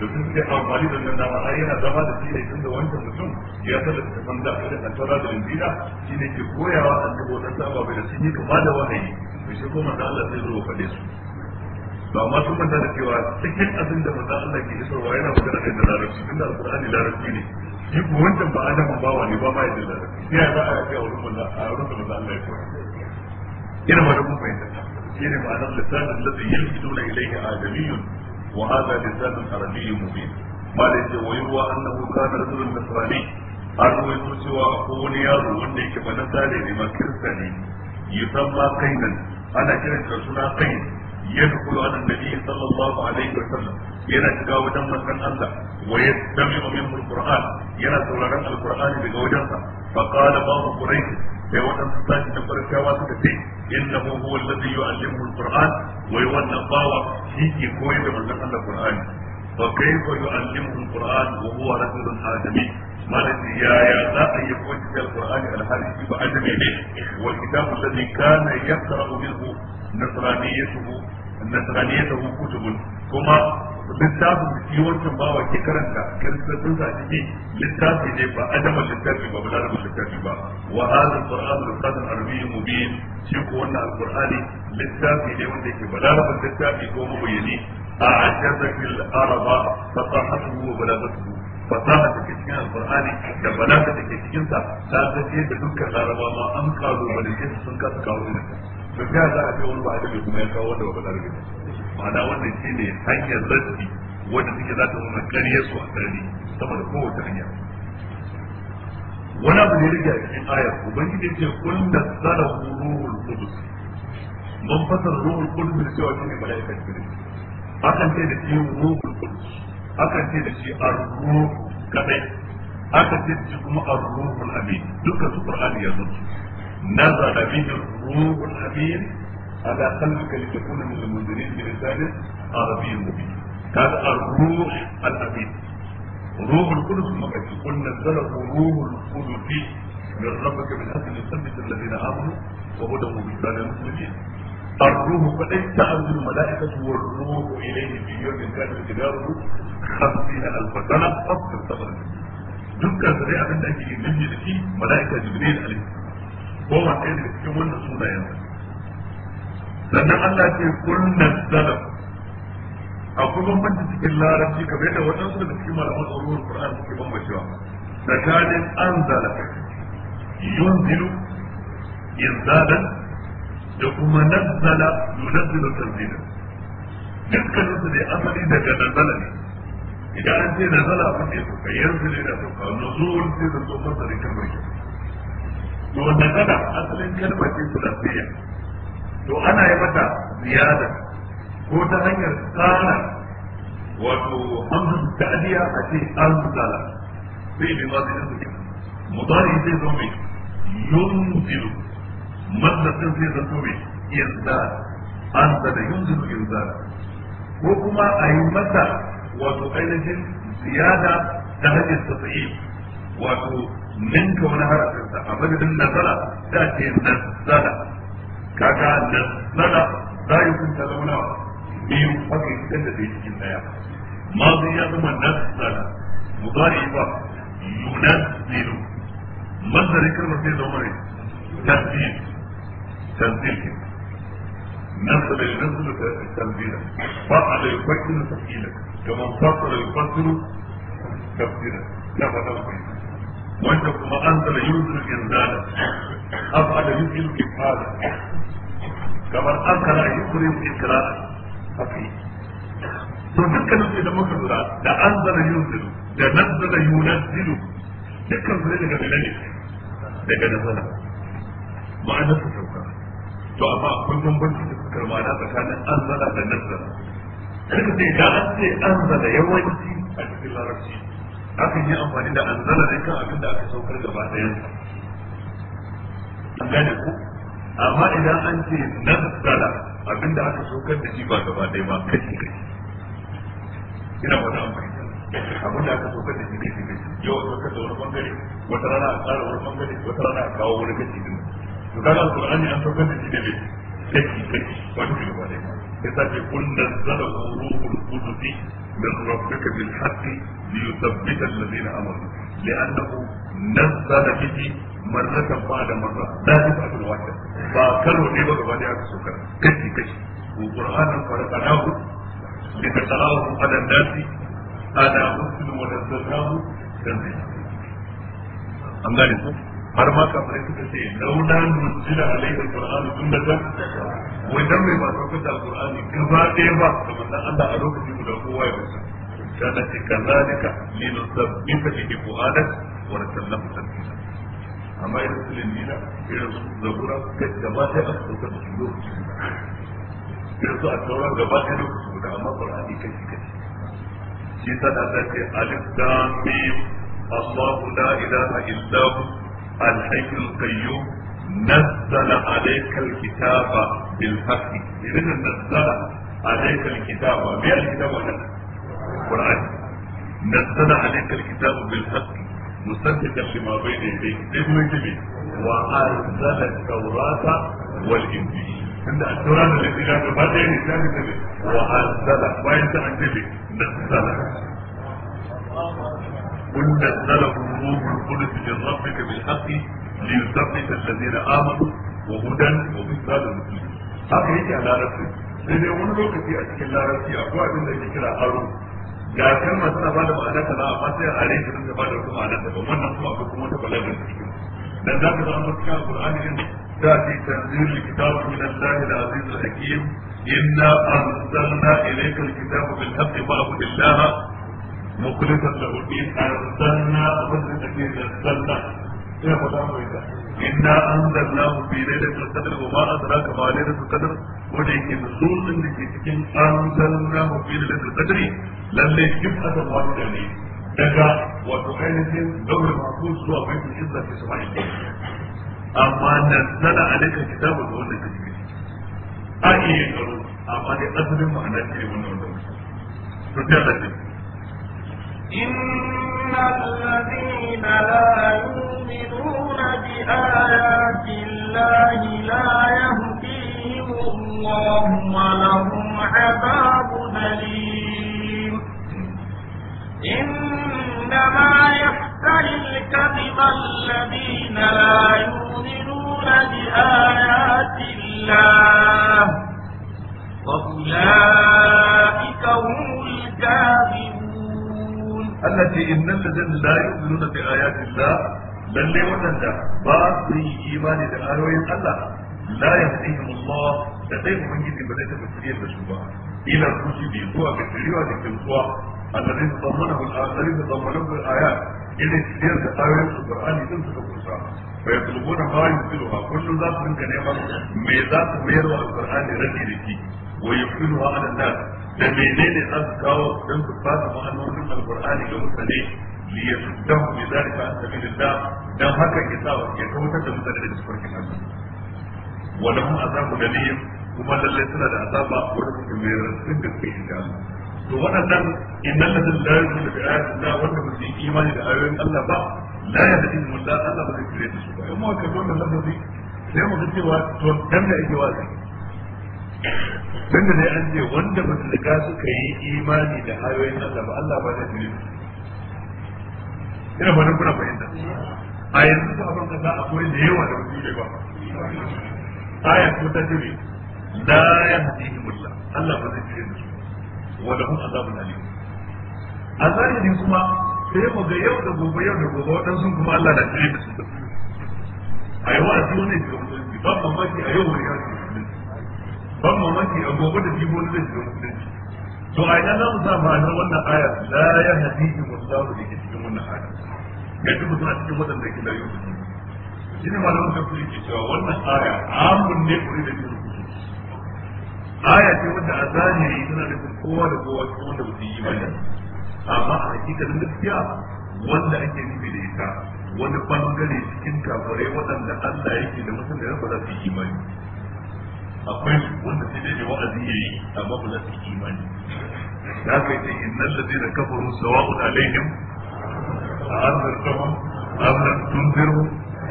sun suke amfani da nan dama ai yana zama da shi ne tun da wancan mutum ya san da ta san da irin antara da injila shi ne ke koyawa cikin wannan saba bai da sun yi kama da wahayi to shi kuma da Allah zai zo faɗe su to amma sun manta da cewa cikin abin da mutum Allah ke isarwa yana magana da larabci tun da alqur'ani larabci ne Yi ko wancan ba adam ba wa ne ba ma yadda da shi ya za a kai wurin manzo a wurin manzo Allah ya koya yana ba da kun fahimta shi ne ma'anar lisanin ladzi yalkiduna ilayhi adamiyyun wa hadha lisanun arabiyyun mubin ma da yake wayuwa annahu kana rasulun nasrani an rawaito cewa akwai wani yaro wanda yake ba nasare ne ma kirista ne yusamma kainan ana kiran suna kain يدخل على النبي صلى الله عليه وسلم ينا شكا وجن مسكن الله ويستمع منه القرآن ينا سورة القرآن بجوجنسا فقال بعض قريش sai waɗansu sashi na farkawa suka ce inna hu huwa alladhi yu'allimu al-qur'an wai wannan bawa shi ke koyar da manzon Allah qur'ani fa kayfa yu'allimu al-qur'an wa huwa rajulun adami malaki ya ya za a yi koyar al-qur'ani al nasraniyatuhu kutubun kuma littafin da shi wancan bawa ke karanta kiristocin sa ciki littafi ne ba adama littafi ba balarabin littafi ba wa hadha alquran littafin arabiyyin mubin shi ko wannan alqurani littafi ne wanda yake balarabin littafi ko mabayani a ajaza fil araba fasahatuhu wa balagatuhu fasaha da ke cikin alqur'ani da bala da ke cikin sa ta zace da dukkan larabawa an kalu balagatu sun kasa kawo ne to sai za a ce wani ba adabi kuma ya kawo wanda ba balarabe ba ma'ana wannan ne hanyar raddi wanda suke za ta zama ƙaryar su a ƙarni saboda kowace hanya wani abu ne rike a cikin ayar ubangiji ce kun da tsara ruhul kudus mun fasara ruhul kudus da cewa shine mala'ika jibril akan ce da shi ruhul kudus akan ce da shi ar-ruh kadai akan ce da shi kuma ar-ruhul amin dukkan su qur'ani ya zo نزل به الروح الامين على قلبك لتكون من المنذرين رساله عربي مبين هذا الروح الامين روح القدس مكتي قل نزله روح القدس من ربك من اجل يثبت الذين امنوا وهدى وبشرى للمسلمين الروح فليس تعرض الملائكة والروح إليه في يوم كان اعتباره خمسين ألف سنة في الثمرة. دكا سريعة من أجل النبي التي ملائكة جبريل عليه ko ba ɗaya daga cikin wannan sunayen sannan Allah ce kulna zalam akwai bambanci cikin larabci kamar yadda waɗansu daga cikin malaman tsoron Qur'an suke bambancewa tsakanin anzala yunzilu inzalan da kuma nazzala yunazzilu tanzila dukkanin su da asali daga nazala ne idan an ce nazala abin da ya sauka yanzu ne da sauka nuzul sai da tsohon da rikin mulki to nakala asalin kalmar ce sulafiya to ana yi mata ziyada ko ta hanyar tsara wato hamdu ta'diya a ce an zala sai bi ma zai zuke mudari zai zo mai yunzilu maddatin zai zanto mai irzal an zala yunzilu irzal ko kuma a yi mata wato ainihin ziyada ta hanyar tafiye wato ninka wani harafinsa a madadin nasara da ce nasara Kaka nasara za yi kunta zauna biyu haka yi kan da zai cikin daya mazi ya zama nasara mudari ba yunasiru mazari kalmar sai zama ne tasir tasir ke nasara ya nasara ta tasira ba a da yakwakin tasira kamar fasara yakwakin tasira na fata fahimta wanda kuma an zala yuzul inzala af'ala yuzul da kamar an kara yuzul ikra a yi to dukkanin su da muka lura da an zala yuzul da nazzala yunazzilu dukkan su ne daga ne daga nazala ma'ana su sauka to amma akwai bambanci da suka na tsakanin an zala da nazzala kada ka ce da an ce an zala yawanci a cikin larabci akan yi amfani da anzala ne kan abin da aka saukar gaba ɗayan an gane ku amma idan an ce nazzala abin da aka saukar da shi ba gaba ɗaya ba kashi kai ina wani amfani abin da aka saukar da shi kashi kashi yau a saukar da wani bangare wata rana a tsara wani bangare wata rana a kawo wani kashi din to kana so an saukar da shi da kashi kashi wani gaba ɗaya ba ya ce kun nazzala ruhul qudus من ربك بالحق ليثبت الذين امنوا لانه نزل به مرة بعد مرة لا تبقى في الواحد فكروا لي بقى بعد عكس سكر كشي كشي وقرآن فرقناه لتقرأه على الناس أنا مسلم ونزلناه تنزيل أم ذلك har ma ka kafirai suka ce launa nuzila alaihi alqur'anu sunnatan wai dan mai ba saukar da alqur'ani gaba ɗaya ba kamar dan Allah a lokaci guda kowa ya wuce kana ce kazalika linusabbita bihi fu'adak wa nasallahu tasbita amma irin su lindina irin su zabura gaba ɗaya a saukar da su lokaci irin su a sauran gaba ɗaya lokaci guda amma qur'ani kai kai shi ta da ta ce alif lam mim Allah لا إله إلا الحي القيوم نزل عليك الكتاب بالحق إذن نزل عليك الكتاب ما الكتاب هذا؟ القرآن نزل عليك الكتاب بالحق مصدقا لما بين يديك ابن يتبي وأنزل التوراة والإنجيل عند التوراة التي لا تبادل الإسلام يتبي وأنزل وأنت أنتبه نزل قل نزله الروح القدس من ليثبت الذين آمنوا وهدى وبشرى للمسلمين haka yake a larabci sai dai wani lokaci a cikin larabci akwai abin da yake kira aro ga kalmar tana bada ma'ana kaza amma sai a rai ta bada wata ma'ana ta. wannan kuma akwai kuma wata balaga cikin dan zaka ga amma cikin alqur'ani din da ke tanzil kitabu min allahi al-aziz al-hakim inna anzalna ilayka al-kitaba bil haqqi fa'budillaha mukhlishan lahu din anzalna wa anzalna ina fata mu ita inna anzalnahu fi lailatul qadr wa ma adraka ma lailatul yake nuzulun ke cikin anzalnahu fi lailatul qadr lalle kibata wanda ne daga wato ainihin dabar mafi zuwa baitul izza fi sama'i amma nazzala alaika kitabu da wannan kake a iya karo amma dai asalin ma'ana ce wannan wanda to ta إن الذين لا يؤمنون بآيات الله لا يهديهم الله ولهم عذاب أليم إنما يفتري الكذب الذين لا يؤمنون بآيات الله وأولئك هم الكاذبون Allah ce innal ladzina la yu'minuna da. ayati Allah lalle wadanda ba su yi imani da ayoyin Allah la yahdihim Allah da dai ubangiji ba zai taɓa shirye da su ba ila kusubi zuwa ga shiriwa da kintuwa alladhi tadammanahu al-akhari tadammanahu al-ayat Ina shirye da ayoyin Qur'ani din suka kusa fa yatlubuna ma yusiluha kullu za su dinga neman me za su mayar wa Qur'ani radi da shi wa yufiluha ala nas da menene za su kawo don su fasa ma'anonin alkur'ani ga mutane li ya dan bi zalika an sabilillah dan haka ya sa ya kautar da mutane da cikin Allah wa lahum azabu dalil kuma lalle suna da azaba wanda suke mai rantsin da suke shiga to waɗannan innal ladin la yu'minu da ayatin da wanda mu su yi imani da ayoyin Allah ba la yahdihim Allah Allah ba zai kire su ba amma kaga wannan lafazi sai mu ga cewa to dan da yake wazi tunda dai an ce wanda ba su riga suka yi imani da ayoyin Allah ba Allah ba zai jire ina ba kuna fahimta a yanzu ba ban kasa akwai da yawa da wasu ba aya ko ta jire la yahdihimullah Allah ba zai jire su wa lahum azabun alim a zahiri kuma sai mu ga yau da gobe yau da gobe waɗansu kuma Allah na jire da su a yau a cikin wani ba mamaki a yau wani yau ban mamaki a gobe da jibo da zai shiga musulunci to a idan za mu sa ma'anar wannan aya la ya hadisi musulunci da ke cikin wannan aya yadda mutum a cikin waɗanda ke da yau shi ne malamin da kuma ke cewa wannan aya amun ne kuri da jibo aya ce wanda a zahiri tana da kowa da kowa cikin wanda mutum yi bayan amma a hakikalin gaskiya wanda ake nufi da ita wani bangare cikin kafirai waɗanda Allah yake da mutum da ba za su yi imani akwai wanda sai dai wa'azi ya yi amma ba za su yi imani da haka yace innal ladina kafaru sawa'un alaihim a'azzartahum am da tunzirhum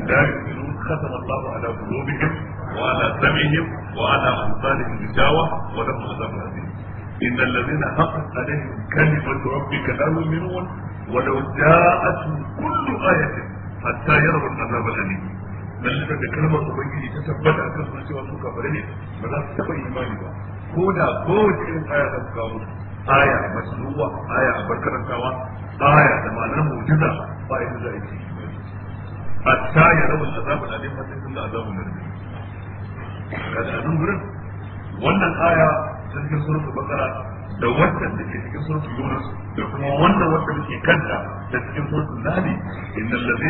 la sun khatama Allahu ala qulubihim wa ala sam'ihim wa ala absarihim ghishawa wa lahum adhabun adhim إن الذين حقت عليهم كلمة ربك لا يؤمنون ولو جاءتهم كل آية حتى يروا العذاب الأليم lalle da kalmar ubangiji ta tabbata a kan cewa su kafare ne ba za su taɓa imani ba ko da kowace irin aya ta kawo musu aya a masluwa aya a barkarantawa aya da ma'anar mu'jiza ba yadda za a yi ta ya rabu azabul alim hatta kun da azabul ga kada a nan gurin wannan aya cikin suratul bakara da wannan da ke cikin surat Yunus da kuma wannan wanda muke kanta da cikin surat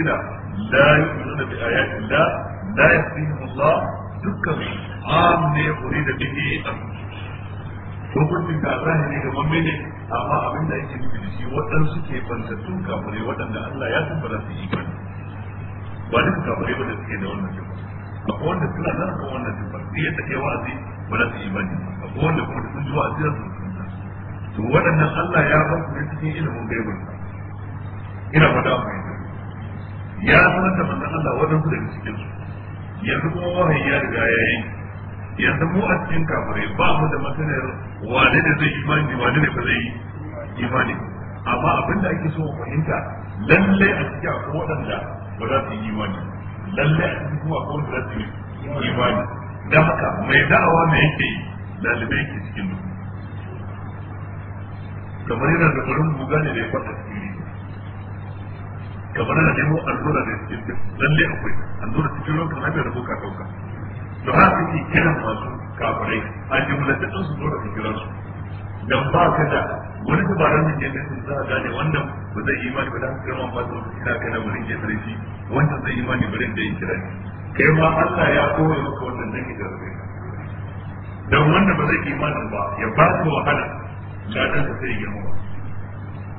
Nahl la yu'minuna bi ayati Allah la yahdihim Allah dukkan amne urida bihi hukuncin ka zahiri ga mamme ne amma abin da yake nufi da shi waɗansu ke fantattun kafirai Allah ya san ba za su yi ba ba duka kafirai ba da suke da wannan akwai wanda suna nan kan wannan sifa sai ya take wa'azi ba za su yi ba akwai wanda kuma da sun ji wa'azi za su to waɗannan Allah ya ba su cikin ilimin gaibu ina wada mai ya san da manzon Allah waɗansu daga cikin su yanzu kuma wahayi ya riga ya yi yanzu mu a cikin kafare ba mu da masanar wane ne zai imani wane ne ba zai yi imani amma abin da ake so mu fahimta lallai a cikin akwai waɗanda ba za su yi imani lallai a cikin kuma akwai waɗanda za su yi imani da haka mai da'awa mai yake yi lalibai ke cikin duk kamar yana da farin buga ne da ya kwata kamar yana nemo allura da ya ce lalle akwai allura cikin lokacin lafiya da buka kauka da haka ke kiran masu kafirai a jimlatin su dora su kiran su don ba ka da wani dabarar da ke nufin za a gane wannan ba zai imani ba da haka kirman ba su kira kana na wurin ke sarki wancan zai imani wurin da ya kira ne kai ma Allah ya koya maka wannan dan da jarrabe Don dan wanda ba zai imanin ba ya ba su wahala da ɗansa sai ya girma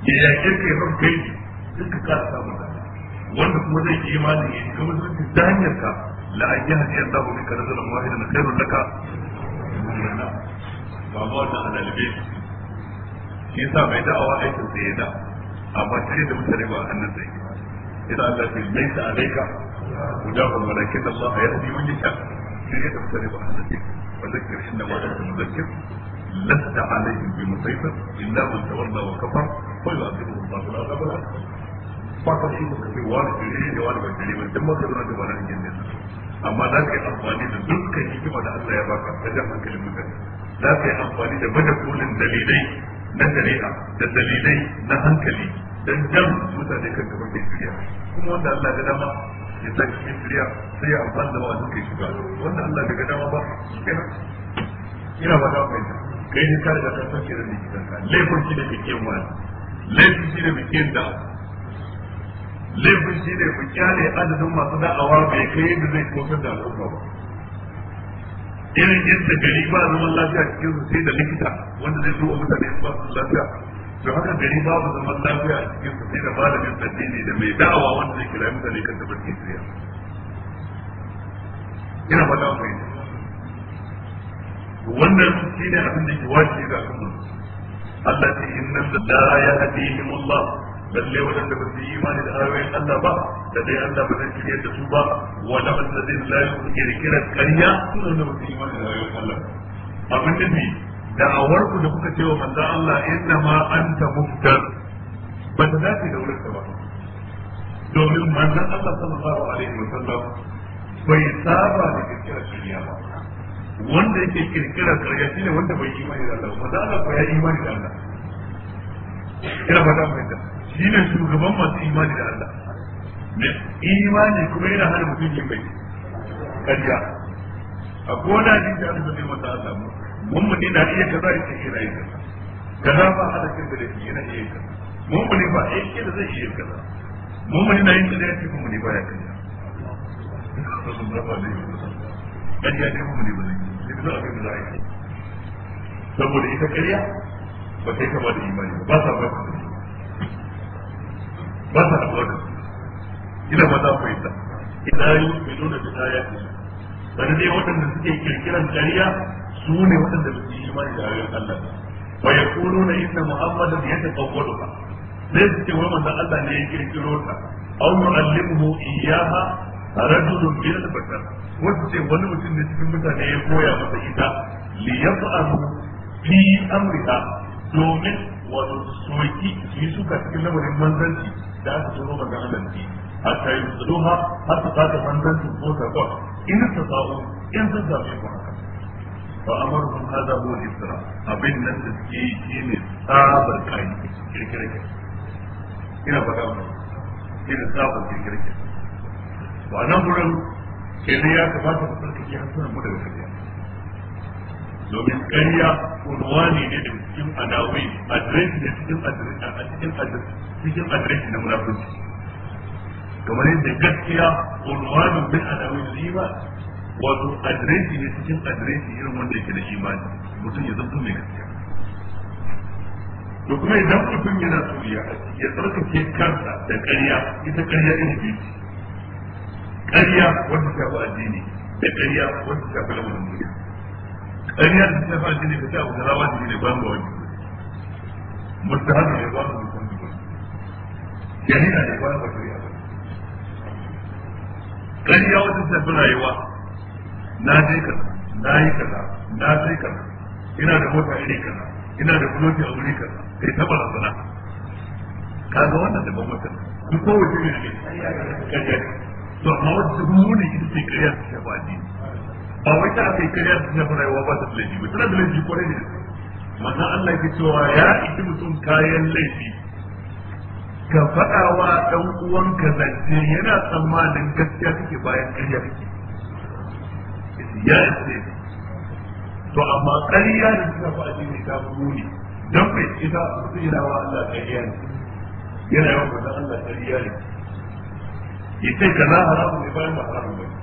ya yaƙe ka ya kai duk ka kasa samun da wanda kuma zai yi imanin ya shiga musulunci ta hanyar ka la an yi hadiyar da hukunka na zalan wahidan na kairun laka ba ma wannan alalibe shi yasa mai da'awa aikin sai ya da amma tare da mutane ba a hannun sai إذا الله في ليس عليك وجاههم ولكن الله يهدي من يشاء شريعة مختلفة عن وذكر da أنت مذكر لست عليهم بمسيطر إلا من تولى وكفر فيعذبه الله العذاب الأكبر fatan shi suka ce wani shirye ne wani ba shirye ba dan masa zuwa gaba nan yin nesa amma za ka amfani da dukkan hikima da Allah ya baka ta jan hankalin mutane za ka yi amfani da bada dalilai na shari'a da dalilai na hankali dan jan mutane kan gaban da shirya kuma wanda Allah ga dama ya sa cikin shirya sai ya amfani da wa'azin kai shiga wanda Allah ga dama ba ina ba ta fahimta kai ne ka riga ka san shirin da kitan ka laifin shi ne kake wani laifin shi ne kake da laifin shi ne ku kyale adadin masu da'awa bai kai yadda zai kosar da al'umma ba irin yadda gari ba zaman lafiya cikin su sai da likita wanda zai zo mutane ba su lafiya to haka gari babu zaman lafiya cikin su sai da malamin addini da mai da'awa wanda zai kira mutane kan tabbatin siyasa ina ba da fahimta to wannan shine abin da ke wajibi ga kan mu Allah da inna la yahdihim Allah lalle wadanda ba su yi imani da ayoyin Allah ba da dai Allah ba zai shirye da su ba wa la alladhina la yu'minuna kiran qarya sun da ba su yi imani da ayoyin Allah abin da ne da'awar ku da kuka ce wa manzo Allah inna ma anta muftar ba ta dace da wurin ba domin manzon Allah sallallahu alaihi wasallam bai saba da gaskiyar duniya ba wanda yake kirkira karya shine wanda bai imani da Allah ba za Allah ba ya imani da Allah Kira ba mai da shine shugaban masu imani da Allah imani kuma yana hana mutum yin bai karya a gona ne da Allah zai mata Allah mun mutum na iya kaza yake kira yin kaza kaza ba hada kirkira da yana iya kaza mun ne ba eh, yake da zai iya kaza mun mutum na yin kaza yake mun ne ya kaza ƙarya ne mu ne ba ne duk za a kai za a yi saboda ita ƙarya ba sai kama da imani ba sa ba ba sa haɗuwa da ina ba za ku yi ta ina yi mai nuna da ƙarya ce sannan dai waɗanda suke kirkiran ƙarya su ne waɗanda su yi imani da ayoyin Allah ba ويقولون ان محمدا يتقولها ليس هو من الله لا يكرهها او يعلمه اياها rajulun min al-bashar wacce wani mutum ne cikin mutane ya koya masa ita li yaf'alu fi amriha domin wato soki yi suka cikin lamarin manzanci da aka tsoro manzan Allah ne hatta yi tsoroha har su kata manzancin ko sakon in ta sa'o in sun zaɓe haka fa amarukum hadha nan ina ba nan gurin sai dai ya kamata mu tsarkake hankulan mu daga kariya domin kariya unwani ne da cikin adawai adireshi ne cikin cikin adireshi na munafunci kamar yadda gaskiya unwani bin adawai da iman wato adireshi ne cikin adireshi irin wanda yake da imani mutum ya zanto mai gaskiya to kuma idan mutum yana so ya tsarkake kansa da karya ita karya ne biyu ƙarya wanda shafi addini da ƙarya wanda shafi lamarin duniya ƙarya da shafi addini da ta shafi rawa da ne ba ba wani mustahab ne ba ba mutum ba shari'a ne ba ba shari'a ba ƙarya wanda shafi rayuwa na je kaza na yi kaza na sai kaza ina da mota iri kaza ina da kuloti a wuri kaza kai ta barazana kaga wannan da bambancin duk kowace ne ne ƙarya to amma wata ta mune ita ce kariya ta shafa addini ba wai ta aka yi kariya ta shafa rayuwa ba ta laifi ba tana da laifi kwarai da manzo Allah ke cewa ya iji mutum kayan laifi ka faɗa wa ɗan ka zance yana tsammanin gaskiya kake bayan kariya kake ya ce to amma kariya da ta shafa mai ta mune don bai ita su yana wa Allah ƙarya ne yana yawan manzo Allah ƙarya ne yace da haramun ne bayan ba haramun bane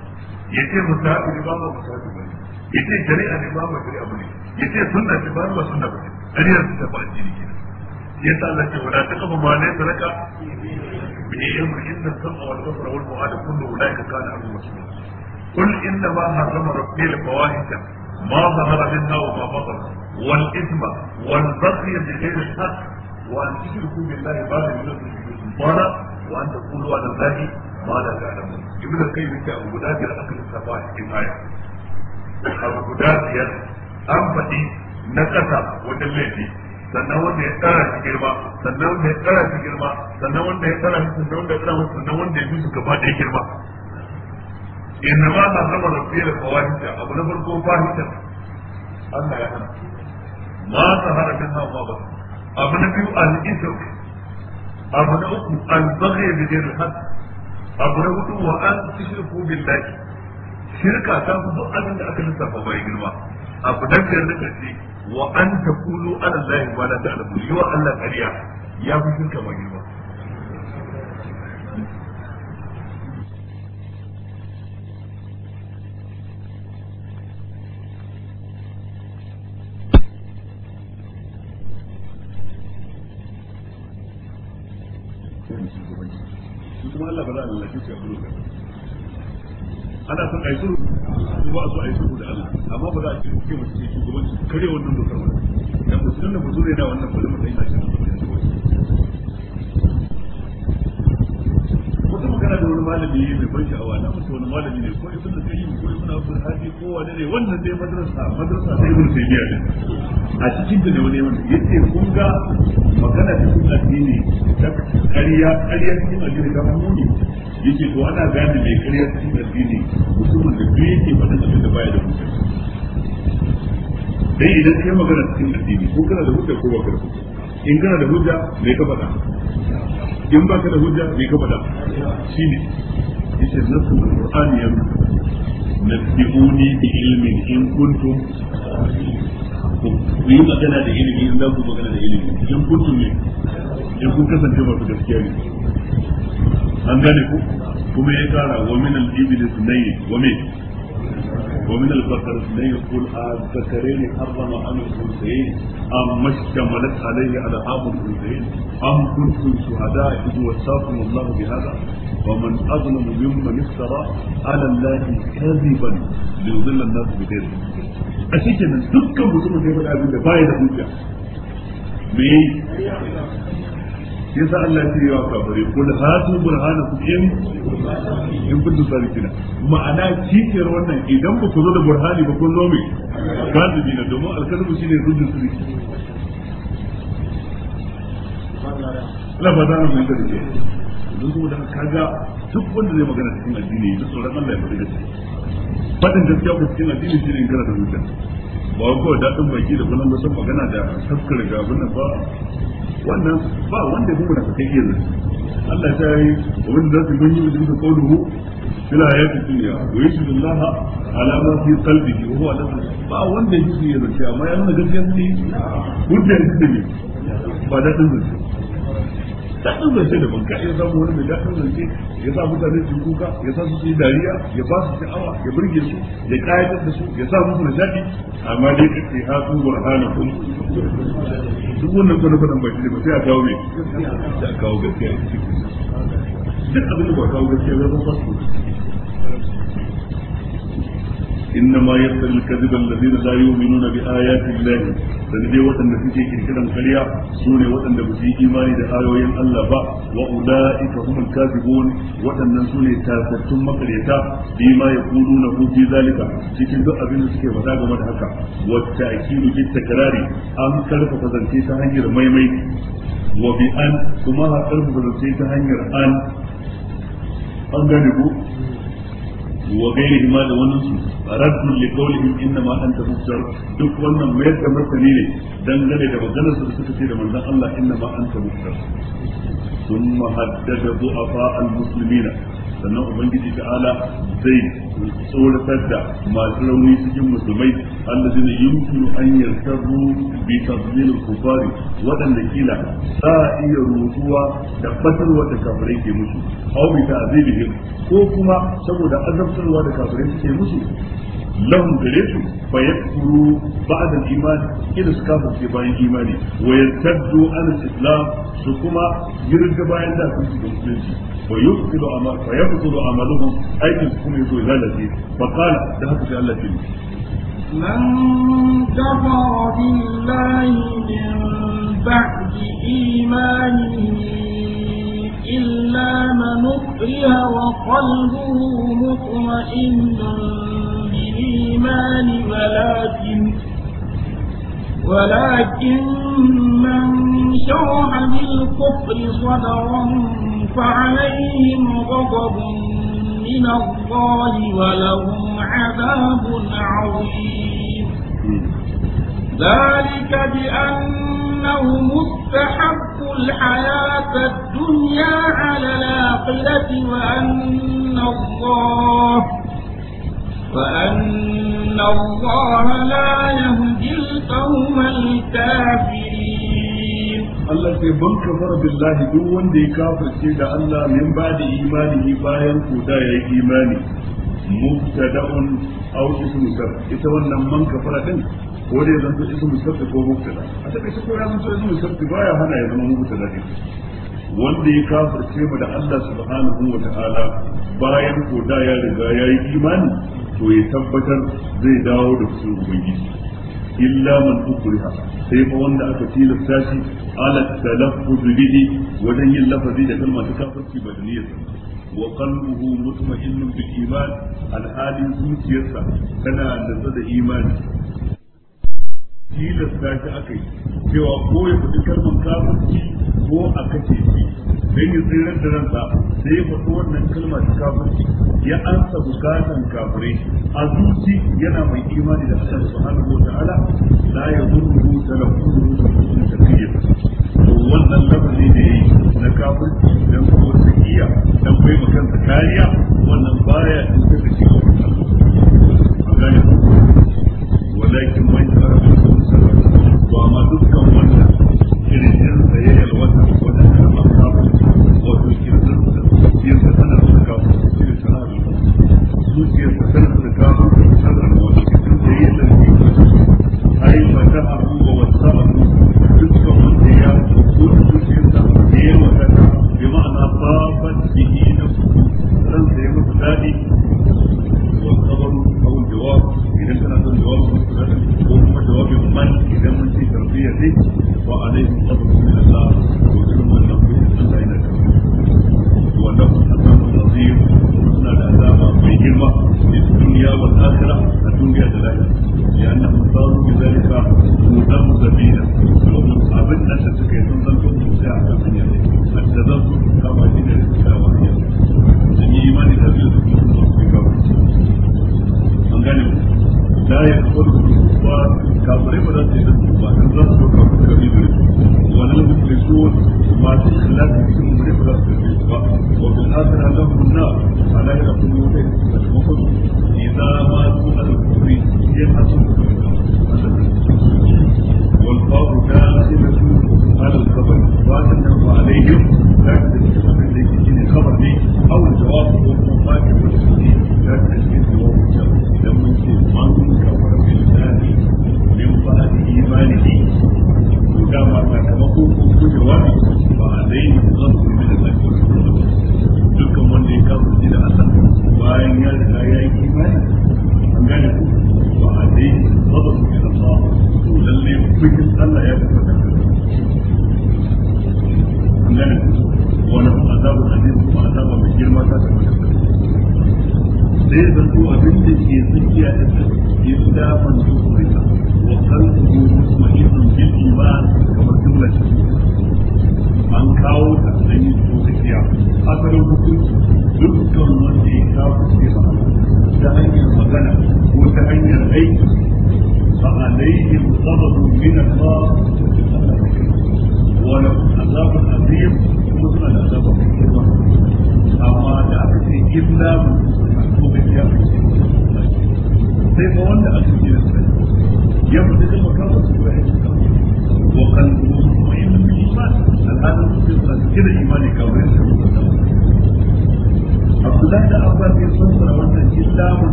yace musabi ne ba ba musabi bane yace shari'a ne ba ba shari'a bane yace sunna ne ba ba sunna bane shari'a ta ba ne kenan yasa Allah ce ta kafa ma laysa laka bi ilmin inna sam'a da basara wal fu'ada kullu ulaika kana abu mas'ul قل إنما حرم ربي الفواحش ما ظهر منها وما بطن والإثم والبغي بغير الحق وأن تشركوا بالله yi يوم الضرر wa an taqulu ala allahi ma la ta'lamun ibn al-qayyim yake abu guda biyar aka lissafa a cikin aya abu guda biyar an faɗi na ƙasa wajen laifi sannan wanda ya tsara shi girma sannan wanda ya tsara shi girma sannan wanda ya tsara shi sannan wanda ya tsara shi sannan wanda ya bi gaba ɗaya girma إنما حرم ربي الفواحش أبو نفر كو فاحشة الله يحرم ما ظهر منها وما بطن أبو نبي الإثم abu na uku al-baghy bi ghayr al abu na hudu wa an tushriku billahi shirka ta fi duk abin da aka lissafa bai girma abu na biyar na karshe wa an taqulu ala Allah ƙarya ya fi shirka mai girma mai shugabanci shi kuma Allah ba za a lalace shi a gurin ka ana son ai sulhu ko ba so ai da Allah amma ba za a ce ke mutum ke shugabanci kare wannan dokar ba dan musulun da muzure da wannan ba mu sai shi wata magana da wani malami mai ban sha'awa na mutu wani malami ne ko ibn al-qayyim ko da abdul hadi ko wani ne wannan dai madrasa madrasa ne a cikin da ne wani yace kun ga magana cikin addini ta ƙarya ƙarya cikin addini ta muni yake to ana gane mai ƙarya cikin addini mutumin da duk yake faɗin abin da baya da mutunci dai idan kai magana cikin addini ko kana da hujja ko baka da hujja in kana da hujja me ka faɗa in baka da hujja me ka faɗa shine yace nasu alqur'ani yanzu nabbi'uni bi ilmin in kuntum ku yi magana da ilimi in za ku magana da ilimi in kuntum ne in kun kasance masu gaskiya ne an gane ku kuma ya kara wa min al-ibil sunayy wa min wa min al-bakar sunayy qul az-zakarayn harrama am al-unsayayn am mashtamalat alayhi ala abu al-unsayayn am kuntum shuhada idh wasafakum Allah bi hadha wa man azlamu mimman iftara ala Allah kadhiban li yudilla an-nas bi ghayri a cikin dukkan mutumin da ya abin da ya da hujja me yi yasa Allah ya wa kafare kul hatu burhanakum in in kuntum sadiqina ma'ana cikin wannan idan ba ku zo da burhani ba kun zo me kazibi na domin ne rujin su sirri Allah ba za mu yi da ke don kuma da ga. duk wanda zai magana cikin addini da tsoron Allah ya faɗi gaskiya fadin gaskiya ku cikin addini shi ne kana da zuciya ba ko daɗin baki da kullum san magana da tafkar ga abin ba wannan ba wanda ya kuma da kai yanzu Allah ta yi wanda za su gani wajen da kauluhu fila ya fi duniya wa yi shirin laha alama fi kalbi ki wa huwa ba wanda ya fi yanzu amma ya nuna gaskiya ne hujjar da ne ba daɗin zuciya daɗin zance da banka ya samu wani mai daɗin zance ya sa mutane su kuka ya sa su yi dariya ya ba su sha'awa ya burge su ya ƙayatar da su ya sa musu nishaɗi amma dai ka ce ha su kun duk wannan kwanan kwanan baki ne ba sai a kawo mai sai kawo gaskiya duk abin da ba kawo gaskiya إنما يسر الكذب الذين لا يؤمنون بآيات الله فلدي وطن نتيجة كركدا كريا سوني وطن نبسي إيماني دا آيوين الله با وأولئك هم الكاذبون وطن نسوني تاسرتم مقريتا بما يقولون في ذلك cikin duk abin da suke faɗa game da haka wata akidu bi takrari an karfafa zance ta hanyar maimai wa bi an kuma ha karfafa zance ta hanyar an an gane ku wa gairihi ma da wannan su raddun li qawlihim inna ma anta musyar duk wannan mai da martani ne dangane da maganar su suka ce da manzon Allah inna ma anta musyar thumma haddada du'afa al-muslimina sannan ubangiji ta'ala zai tsoratar da masu rauni cikin musulmai allazina yumkinu an yartabu bi tadlil kufari wadanda kila sa iya rutuwa da fatarwa da kafirai ke musu aw bi ta'zibihim ko kuma saboda azabtarwa da kafirai ke musu lahum gare su fa yakfuru ba'da iman kila su ke bayan imani wa yartaddu an islam su kuma girga bayan da su musulunci ويبطل عمل فيبطل عملهم اي تكون يزول ذلك فقال ذهبت في الله من كفر بالله من بعد ايمانه الا من اكره وقلبه مطمئن بالايمان ولكن ولكن من شرح بالكفر صدرا فعليهم غضب من الله ولهم عذاب عظيم ذلك بأنهم مستحق الحياة الدنيا على الآخرة وأن الله وأن الله لا يهدي القوم الكافرين Allah sai ban kafar billahi duk wanda ya kafirce da Allah min ba da imani bayan kuda ya yi imani mubtada'un aw ismu sab ita wannan man kafara din ko da zan ta ismu sab ko mubtada a take shi ko ya zan ta ismu sab baya hana ya zama mubtada din wanda ya kafirce mu da Allah subhanahu wa ta'ala bayan kuda ya riga ya yi imani to ya tabbatar zai dawo da su ubangiji illa man ukriha sai fa wanda aka tilasta shi ala talaffuz bihi wajen yin lafazi da kalma ta kafirci ba da wa qalbuhu mutma'innun bil iman alhalin zuciyarsa tana da da imani tilasta shi aka yi cewa ko ya fadi kalmar kafirci ko a kace shi dan yin tsirar da ransa sai ya faɗi wannan kalma ta kafirci ya ansa bukatan kafirai a zuci yana mai imani da Allah subhanahu wa ta'ala lafuru da talaqulu da kiyar to wannan lafazi da yi na kafirci dan ko iya don bai makansa kariya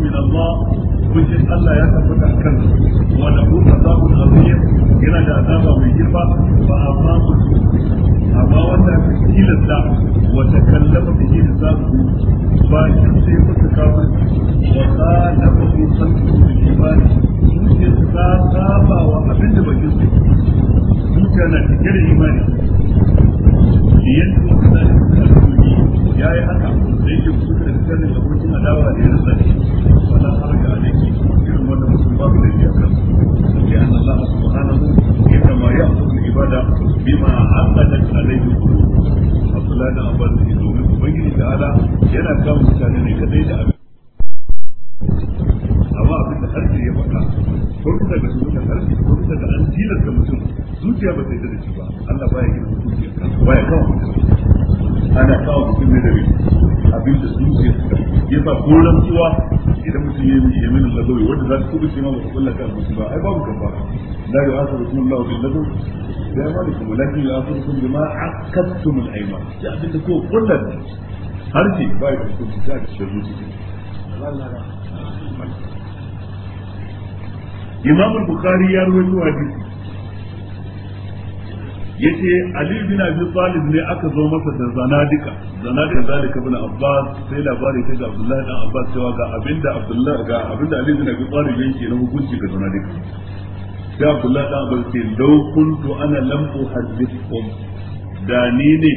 من الله Allah ya tabbata a kansa wanda ku azabu azim yana da ya yi haka da yake su da sirrin abokin adawa da ya rasa ne wannan harka a nan irin wanda musulmi babu da ya kasu sai an Allah subhanahu ya kama ya abu ibada bima aqadat alayhi Abdullahi da Abbas ne domin ubangiji ta ala yana kawo mutane ne kadai da abin amma abin da harshe ya faɗa ko kusa ga sunan harshe ko kusa ga an tilasta mutum zuciya ba ta yi da shi ba Allah baya gina mutum ya kawo baya kawo mutum ana kawo mutum ne da rai abin da zuciya suka yasa ko rantsuwa idan mutum ya yi yamin lagawi wanda za su kubuce ma ba su kulla kan musu ba ai babu kafara la yu'akhidhukum Allahu bil lagaw bi amalikum walakin yu'akhidhukum ma aqadtum al ayman ya abin da ko kulla ne har ce ba ya kubuce ta da zuciya Imam bukhari ya rawaito hadisi yace Ali bin Abi Talib ne aka zo masa da zanadika zanadika zalika ibn Abbas sai labari ta ga Abdullahi dan Abbas cewa ga abinda Abdullahi ga abinda Ali bin Abi Talib yake na hukunci ga zanadika sai Abdullahi dan Abbas ce law kuntu ana lam uhaddithukum da ni ne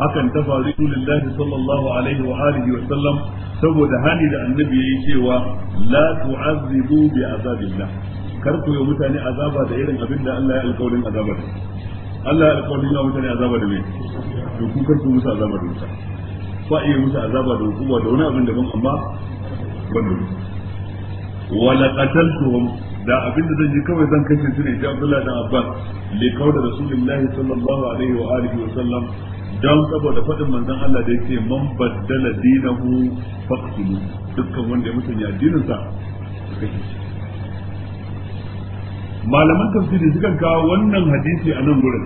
hakan ta faru Rasulullahi sallallahu alaihi wa alihi wa sallam saboda hali da annabi yayi cewa la tu'azzibu bi azabillah kar ku yi mutane azaba da irin abin da Allah ya alƙawarin azaba da Allah ya alƙawarin yawa mutane azaba da mai, to ku kar musu azaba da wuta fa iya musu azaba da hukuma da wani abin da ban, amma ban da wuta wala qataltuhum da abin da zan yi kawai zan kashe su ne da Abdullahi da Abbas li kauda Rasulullahi sallallahu alaihi wa alihi wa sallam dan saboda fadin manzon Allah da yake man baddala dinahu faqtulu dukkan wanda ya mutunya addinin sa kashe shi malaman tafsiri sukan kawo wannan hadisi a nan gurin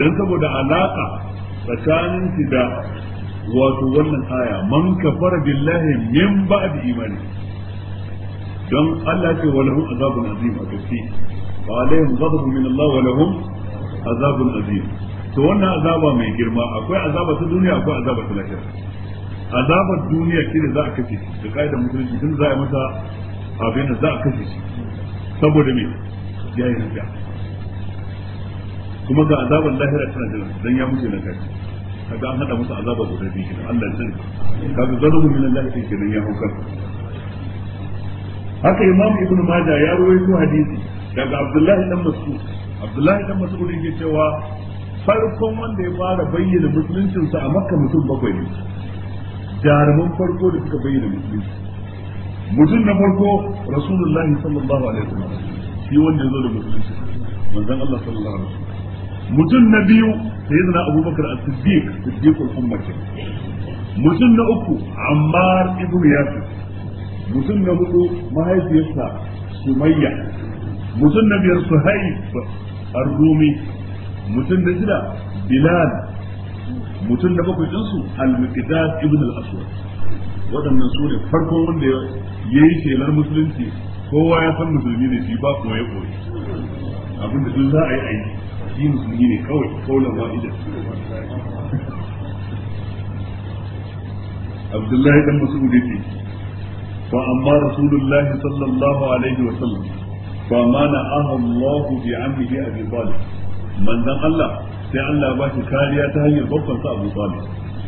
don saboda alaƙa tsakanin shi da wato wannan aya man kafara billahi min ba'di imani don Allah ce wa lahum azabun azim a gaske fa alaihim ghadabun min Allah wa lahum azabun azim to wannan azaba mai girma akwai azaba ta duniya akwai azaba ta lahira azabar duniya shine za a kashe shi da kaidar musulunci tun za a masa abin da za a kashe shi saboda me ya yi rufiya kuma ga azabar lahira tana jira dan ya mutu na kai kaga an hada musu azaba guda biyu kenan Allah ya sani kaga zalimu min Allah din kenan ya hauka haka imam ibnu majah ya rawaito hadisi daga abdullahi dan mas'ud abdullahi dan mas'ud yake cewa farkon wanda ya fara bayyana musuluncin sa a makka mutum bakwai ne jaruman farko da suka bayyana musulunci mutum na farko rasulullahi sallallahu alaihi wasallam shi wanda ya zo da musulunci manzon Allah sallallahu alaihi wasallam mutum na biyu sayyidina abubakar as-siddiq siddiqul ummah mutum na uku ammar ibn yasir mutum na hudu mahaifiyarsa sumayya mutum na biyar suhaib ar-rumi mutum na shida bilal mutum na bakwai ɗinsu al-miqdad ibn al-aswad waɗannan su ne farkon wanda ya yi shelar musulunci kowa ya san musulmi ne shi ba koye koye abin da duk za a yi a yi shi musulmi ne kawai kaulan wa'ida abdullahi dan mas'ud yake fa amma rasulullahi sallallahu alaihi wa sallam fa mana ahallahu bi amrihi abi talib manzon Allah sai Allah ba shi kariya ta hanyar babban sa Abu Talib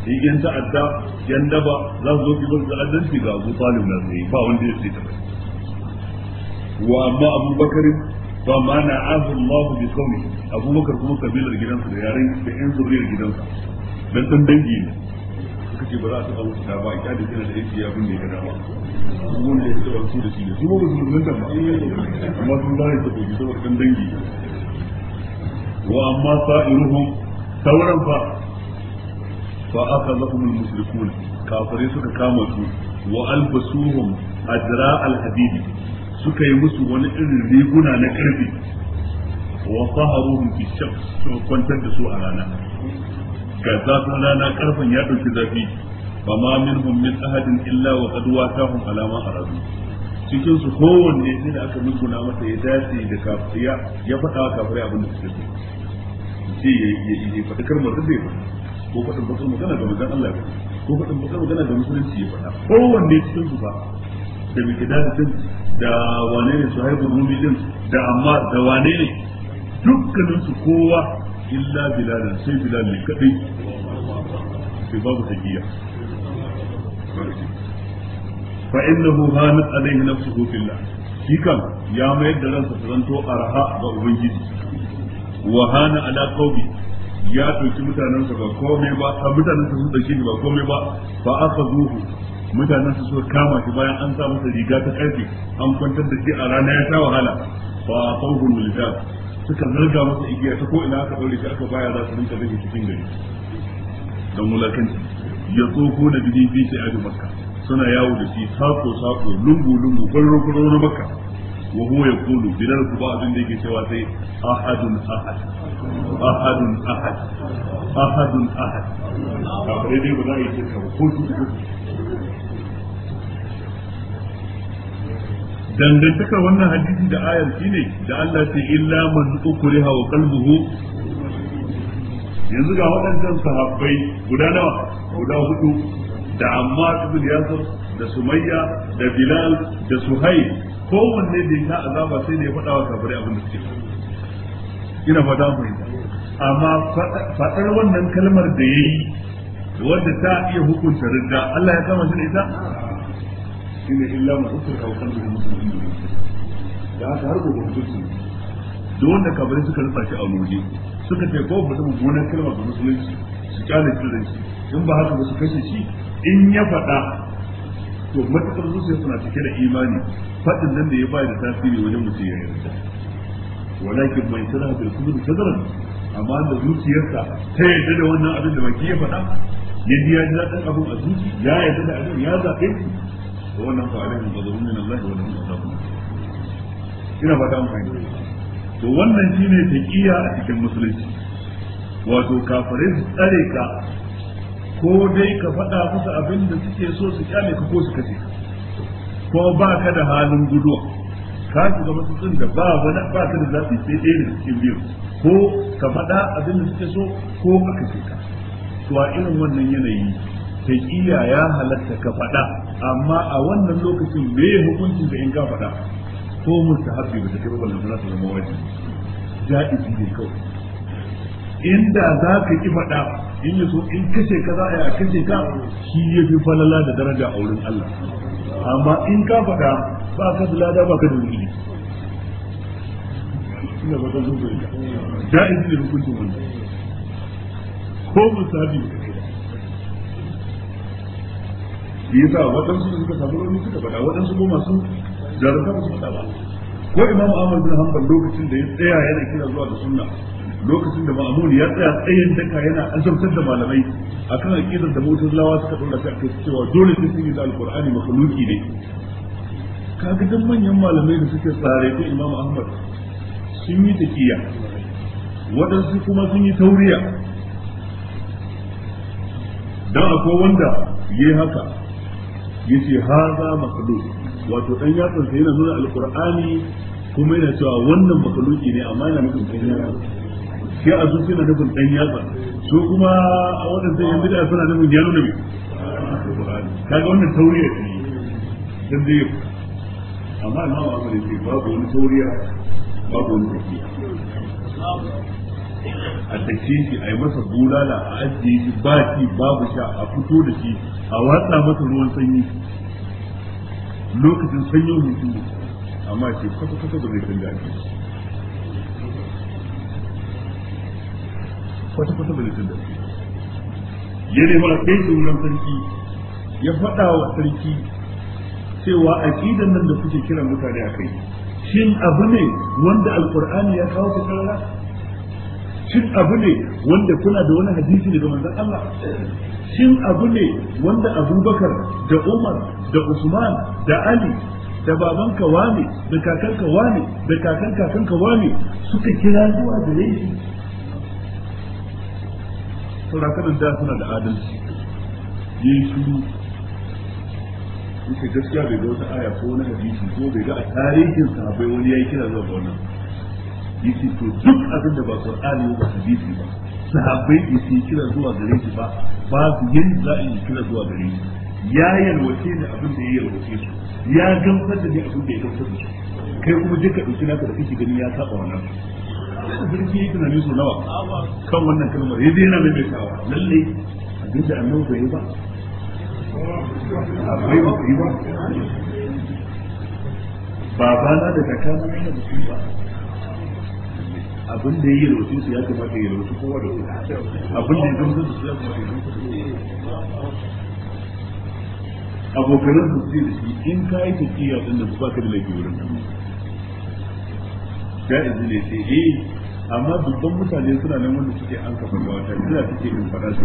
shi yan ta'adda yan daba za su zo ki bar da addanci ga Abu Talib na sai ba wanda ya ce ta wa amma abu bakari fa ma na ahu Allah bi kauni abu kuma kabilar gidansa da yaren da yan zuriyar gidansa dan dan dangi ne suka ce ba za su kawo ta ba ita da kina da yake ya bunne ka da ba mun da yake wasu da shi ne su ba su mun da amma dangi wa amma sauran fa kama su wa albasuhum adra al suka yi musu wani irin riguna na ƙarfi, wa saharuhum fi shams su kwantar da su a rana ga zafin rana karfin ya dauki zafi fa ma minhum min ahadin illa wa qad watahum alama arabi cikin su kowanne sai da aka mutuna masa ya dace da kafiya ya faɗa kafirai abin da suke ce ya yi faɗi kalmar da zai faɗa ko faɗin bakar magana ga manzon Allah ko faɗin bakar magana ga musulunci ya faɗa kowanne cikin su ba da bai da jin da wane ne su haifin rumi din da amma da wane ne dukkanin su kowa illa bilalin sai bilal ne kadai sai babu taqiya fa innahu hanat alayhi nafsuhu billah shi kan ya mayar da ransa ta zanto arha ga ubangiji wa hana ala qawmi ya dauki mutanensa ba komai ba a mutanensa sun dauki ba komai ba fa ka zuhu mutanen su suka kama shi bayan an sa masa riga ta karfe an kwantar da shi a rana ya sha wahala fa fawgun liljab suka zarga masa igiya ta ko ina aka daure shi aka baya za su rinka rage cikin gari don mulakin ya tsoko da bihi bi sai abin makka suna yawo da shi sako sako lungu lungu kwaro kwaro na makka wa huwa yaqulu ku ba abin da yake cewa sai ahadun ahad ahadun ahad ahadun ahad kafare dai ba za a yi cikin ko su Dangantaka wannan hadisi da ayar shine da Allah ce illa man ukriha wa qalbuhu yanzu ga waɗancan sahabbai guda nawa guda hudu da amma ibn yasir da sumayya da bilal da ko kowanne da ya azaba sai ne ya faɗa wa kafare abin da suke ina fata mu amma faɗar wannan kalmar da yayi wanda ta iya hukunta ridda Allah ya kama shi da ita shine illa ma usrika wa qalbuhu mutmainun da aka har gobe mutunci duk wanda kabarin suka rufa shi a wuri suka ce ko fadi mummunan kalma ga musulunci su kyale kiran shi in ba haka ba su kashe shi in ya faɗa to matakar zuciya suna cike da imani faɗin nan da ya bayar da tasiri wajen mutum ya yarda walakin mai sana bil kubur sadran amma da zuciyarsa ta yarda da wannan abin da baki ya faɗa yadda ji ya ji daɗin abin a zuci ya yarda da abin ya zaɓe wannan fa alaihim ghadabun min Allah wa lahum adabun ina ba ta amfani to wannan shine taqiya a cikin musulunci wato kafirin tsare ka ko dai ka faɗa musu abin da suke so su kyale ka ko su kace ko ba ka da halin guduwa ka shiga masu tsin da ba wani ba ka da zafi sai ɗaya da cikin biyu ko ka faɗa abin da suke so ko ka ce ka to a irin wannan yanayi taqiya ya halatta ka faɗa amma a wannan lokacin me hukunci da in ka faɗa ko mustahabi ba ta kai wannan lantana ta zama wajibi ja'izi ne kawai inda za ka ki faɗa in ya so in kashe ka za a yi a kashe ka shi ya fi falala da daraja a wurin Allah amma in ka faɗa ba ka da lada ba ka da wuri ina ba ta ja'izi ne hukuncin wannan ko mustahabi shi yasa waɗansu da suka samu rauni suka faɗa waɗansu ko masu jarumta ba su faɗa ba ko imam ahmad bin hanbal lokacin da ya tsaya yana kira zuwa da sunna lokacin da ma'amun ya tsaya tsayin daka yana azabtar da malamai akan aqidar da lawa suka dora ta kai cewa dole sai sun yi da alqur'ani makhluki ne kaga duk manyan malamai da suke tsare ta imam ahmad sun yi takiya waɗansu kuma sun yi tauriya dan akwai wanda yayi haka yace haza makhluq wato dan yatsan sa yana nuna alqur'ani kuma yana cewa wannan makhluqi ne amma yana nufin dan yatsa. shi a zuci na nufin dan yatsa, so kuma a wadannan yan bid'a suna nufin ya nuna me kaga wannan tauriya ce dan dai amma na wa amare ce babu wani tauriya babu wani tauriya. a sake shi a yi masa bulala a ajiye shi ba shi babu sha a fito da shi a watsa masa ruwan sanyi lokacin sanyin mutum amma ce kwata-kwata ba zai canja ake kwata-kwata ba zai canja ake ya nema ɗaya da sarki ya faɗa wa sarki cewa a ƙidan nan da kuke kiran mutane a kai shin abu ne wanda alkur'ani ya kawo ta sarara shin abu ne wanda kuna da wani hadisi daga manzon Allah shin abu ne wanda Abubakar da Umar da Usman da Ali da babanka wane da kakanka wane da kakan kakanka wane suka kira zuwa da laifi saurakan da suna da adalci yi su yake gaskiya bai ga wata aya ko wani hadisi ko bai ga a tarihin sahabbai wani ya yi kira zuwa wannan hadisi to duk abin da ba qur'ani ba hadisi ba sahabbai da su kira zuwa gare shi ba ba su yin za a kira zuwa gare shi ya yalwace ni abin da ya yalwace su ya gamsar da ni abin da ya gamsar da su kai kuma duka dauki naka da kake gani ya saba wannan sarki yi tunanin su nawa kan wannan kalmar ya daina mai mai lallai abin da annabi bai yi ba akwai ba yi ba babana da kakana yana da su ba abin da ya yi rautin su ya kamata ya rautu kowa da kowa abin da ya gamsu su ya kamata ya gamsu abokanan su zai da shi in ka yi tafiya din da ba ka da laifin wurin ya izi ne sai eh amma dubban mutane suna nan wanda suke an kafa ga wata suna suke in fada su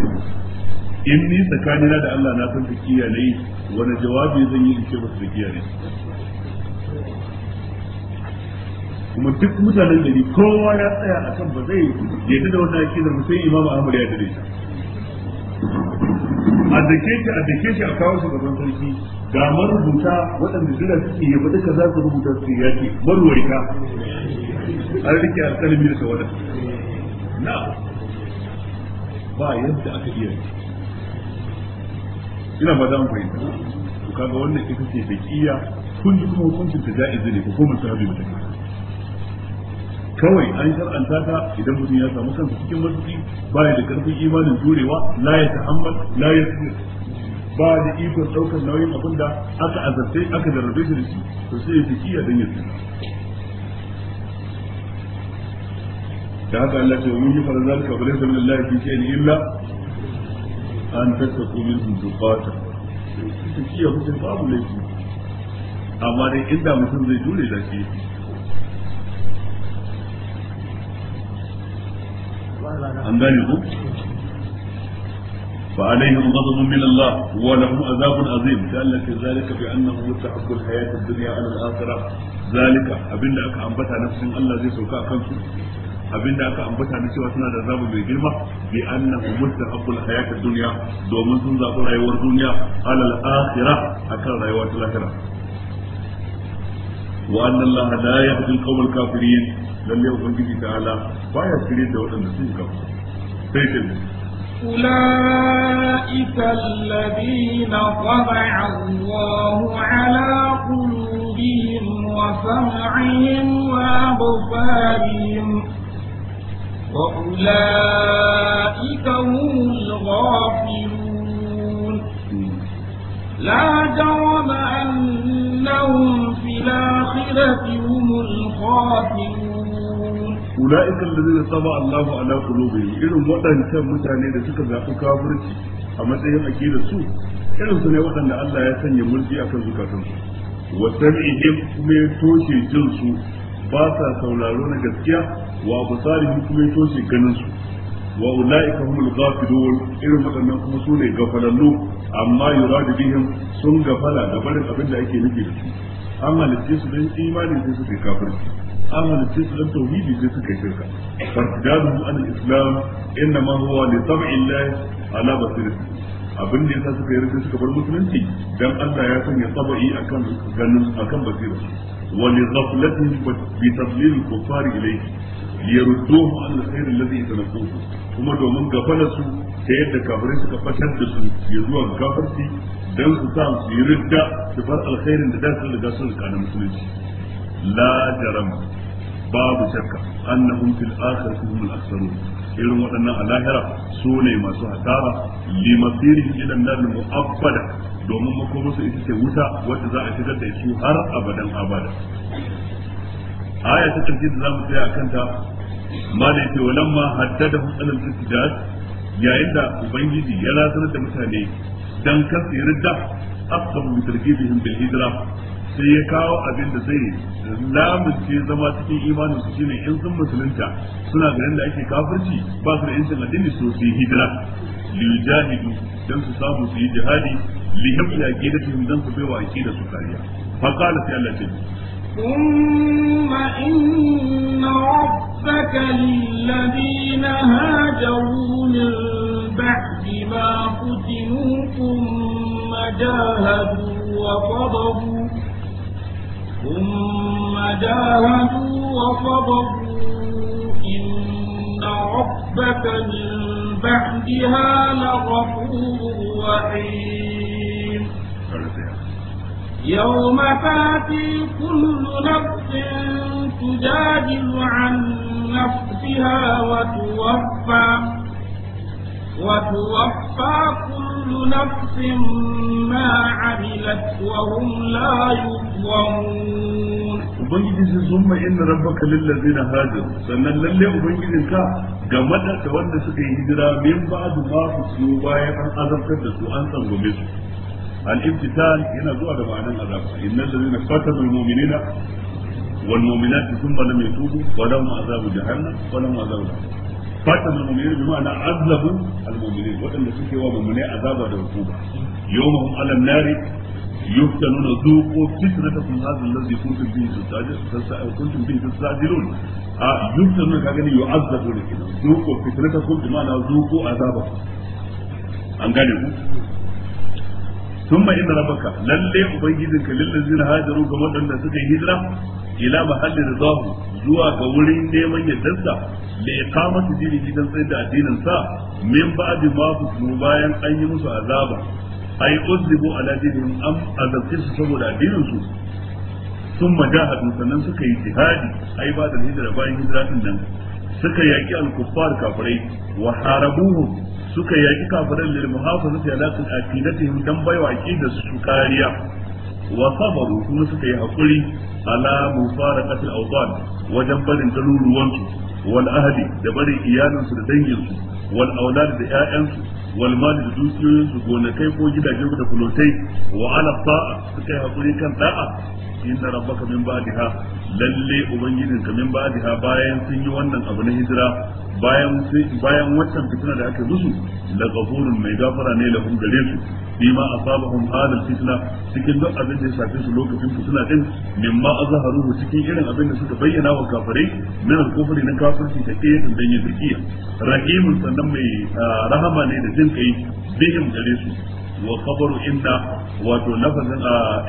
in ni tsakanina da Allah na san tafiya ne wani jawabi zan yi in ce ba su tafiya ne kuma duk mutanen gari kowa ya tsaya akan ba zai yadda da wannan ake ba sai imamu ahmad ya dare shi a dake shi a dake shi a kawo shi gaban sarki ga marubuta waɗanda jira suke ba duka za su rubuta su ya ce marwarika an rike alƙalmi da tawada na ba yadda aka iya ina ba za mu fahimta to kaga wannan ita ce da kiya kun ji kuma hukuncin ta ja'izi ne ko kuma sahabi mutane kawai an shar'anta ta idan mutum ya samu kansa cikin masjidi baya da karfin imanin jurewa la ya ta'ammal la ya ba da ikon daukar nauyin abin da aka azabtai aka jarrabe shi da shi to sai ya fiki ya danya tsina da haka Allah ce wa mun yi faran zalika fa laysa min Allah fi shay'in illa an tattaqu minhum tuqata fiki ya mutum babu laifi amma dai inda mutum zai jure da shi an gane ku فعليهم غضب من الله ولهم عذاب عظيم قال ذلك بانه مستحق الحياه الدنيا على الاخره Zalika abinda aka ambata nafsin Allah zai sauka a kansu Abinda aka ambata na cewa suna da azaba mai girma bi annahu mustahabbul hayatid dunya domin sun zaɓi rayuwar duniya alal akhirah akan rayuwar lahira wa anna Allah la yahdi al-qawmal kafirin lalle ubangiji ta ala baya shirye da waɗanda sun kafa sai ce أولئك الذين طبع الله على قلوبهم وسمعهم وأبصارهم وأولئك هم الغافلون لا جرم أنهم في الآخرة هم الخاسرون ulaika allazina sama Allahu ala qulubihim irin waɗancan mutane da suka zaɓi kafirci a matsayin akida su irin su ne waɗanda Allah ya sanya mulki akan zukatan su wa sam'ihim kuma ya toshe jin su ba sa sauraro na gaskiya wa absarihim kuma ya toshe ganin su wa ulaika humul ghafilun irin waɗannan kuma su ne gafalallu amma yuradu bihim sun gafala da barin abin da ake nufi da su amma littafi su dan imani sai su kai kafirci an halicce su don tauhidi sai suka yi shirka fartidaduhu an islam inna ma huwa li tab'illahi ala basirati abin da yasa suka yarda suka bar musulunci dan Allah ya sanya sabai akan ganin akan basira wa li ghaflatin bi tadlil al-kuffar ilayhi liyarudduhu an al-khair alladhi yatanaffuhu kuma domin gafala su ta yadda kafirai suka fatar da su ya zuwa ga kafirci dan su sa su yi ridda su bar alkhairin da da su riga sun riga na musulunci la jarama babu shakka annahum fil akhirati hum al-akhsarun irin waɗannan a lahira su ne masu hasara li masirihim ila an mu mu'abbada domin makomarsu ita ce wuta wacce za a shigar da su har abadan abada aya ta karshe da zamu tsaya akan ta ma da yake ma haddada alal tijjat yayin da ubangiji ya ratar da mutane dan kasu yarda aqsam bi bil hijra sai ya kawo abin da zai lamunce zama cikin imanin su shine in sun musulunta suna ganin da ake kafirci ba su da yancin addini su su yi hijira lijahidu dan su samu su yi jihadi li hifzi aqidatihim dan su bai baiwa aqida su kariya fa qala sai Allah ce ثم إن ربك للذين هاجروا من بعد ما فتنوا ثم جاهدوا وصبروا ثم جاهدوا وصبروا إن ربك من بعدها لغفور رحيم يوم تاتي كل نفس تجادل عن نفسها وتوفى وتوفى كل كل نفس ما عملت وهم لا يظلمون ubangiji summa inna rabbaka lil ladzina hajaru sannan lalle ubangijin ka game da wanda suka yi hijira min ba'du ma su bayan an azabtar da su an tsangume su al-ibtital yana zuwa da ma'anan azab innal ladzina fatanu mu'minina wal mu'minati thumma lam yatubu wa lahum azabu jahannam wa lahum azabu fatan al-mu'minin bi ma'ana azabu al-mu'minin wadanda suke wa mu'mine azaba da hukuma yawmahum 'ala an-nari يفتنون ذوقوا فتنتكم هذا الذي كنتم به كنتم به تستعجلون يفتنون كأنه يعذبون كده ذوقوا فتنتكم بمعنى ذوقوا عذابكم an gane ku sun ma inda lalle ubangijinka lillazi na hajaru ga waɗanda suka yi hijira ila mahallin zahu zuwa ga wurin neman yardarsa da iqamatu dinihi gidan tsaye da addinin sa min ba'di ma fusu bayan an yi musu azaba ay uzzibu ala dinihim am azabtis saboda addinin su sun majahadu sannan suka yi jihadi ai ba da hijira bayan hijira din nan suka yaki al-kuffar kafirai wa harabuhu suka yaki kafiran lil muhafazati ala aqidatihim dan baiwa su kariya wa sabaru kuma suka yi hakuri ala fara mufaraqatil awdan wajen barin daruruwansu wal ahli da barin iyalinsu da danginsu wal aulad da 'ya'yansu, wal mal da dukiyoyinsu gonakai ko gidaje da kulotai wa ala ta'a suka yi hakuri kan da'a inna rabbaka min ba'daha lalle ubangijin ka min ba'daha bayan sun yi wannan abu na hijira bayan bayan waccan fitina da aka musu la ghafurun mai gafara ne lahum gare su bima asabahum hada fitna cikin duk abin da ya shafe su lokacin fitina din mimma azharuhu cikin irin abin da suka bayyana wa kafirai min al-kufri na kafirci da kiyatin dan yin rahimun sannan mai ah, rahama ne da jin kai bihim gare su wa kabaru inda wato na lafazin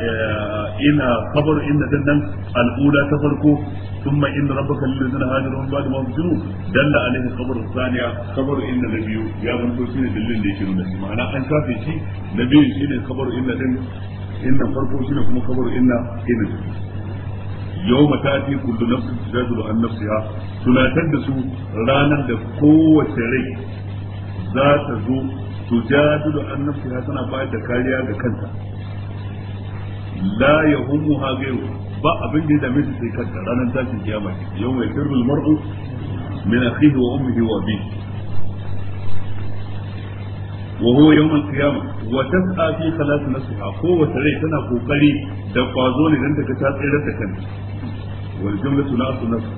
e, ina kabaru inda din nan al'ula ta farko thumma inda rabbaka lil ladina hajarun ba'da ma fusiru dalla alaihi kabaru saniya kabaru inda na biyu ya zanto ne dillin da yake nuna shi ma'ana an kafe shi na biyu shine khabaru inda din inda farko ne kuma khabaru inda inda yawma tati kullu nafsin tujadilu an nafsiha tunatar da su ranar da kowace rai za ta zo tujadilu an nafsiha tana bayar da kariya ga kanta la ha ghayru ba abin da ya dame ta sai kanta ranar tashin kiyama yau mai sirrul mar'u min akhihi wa ummihi wa abihi وهو يوم القيامة وتسعى في daga ta قوة da تنا قوقري jumla إذن تكتات إلى تكن jumla نعص نفس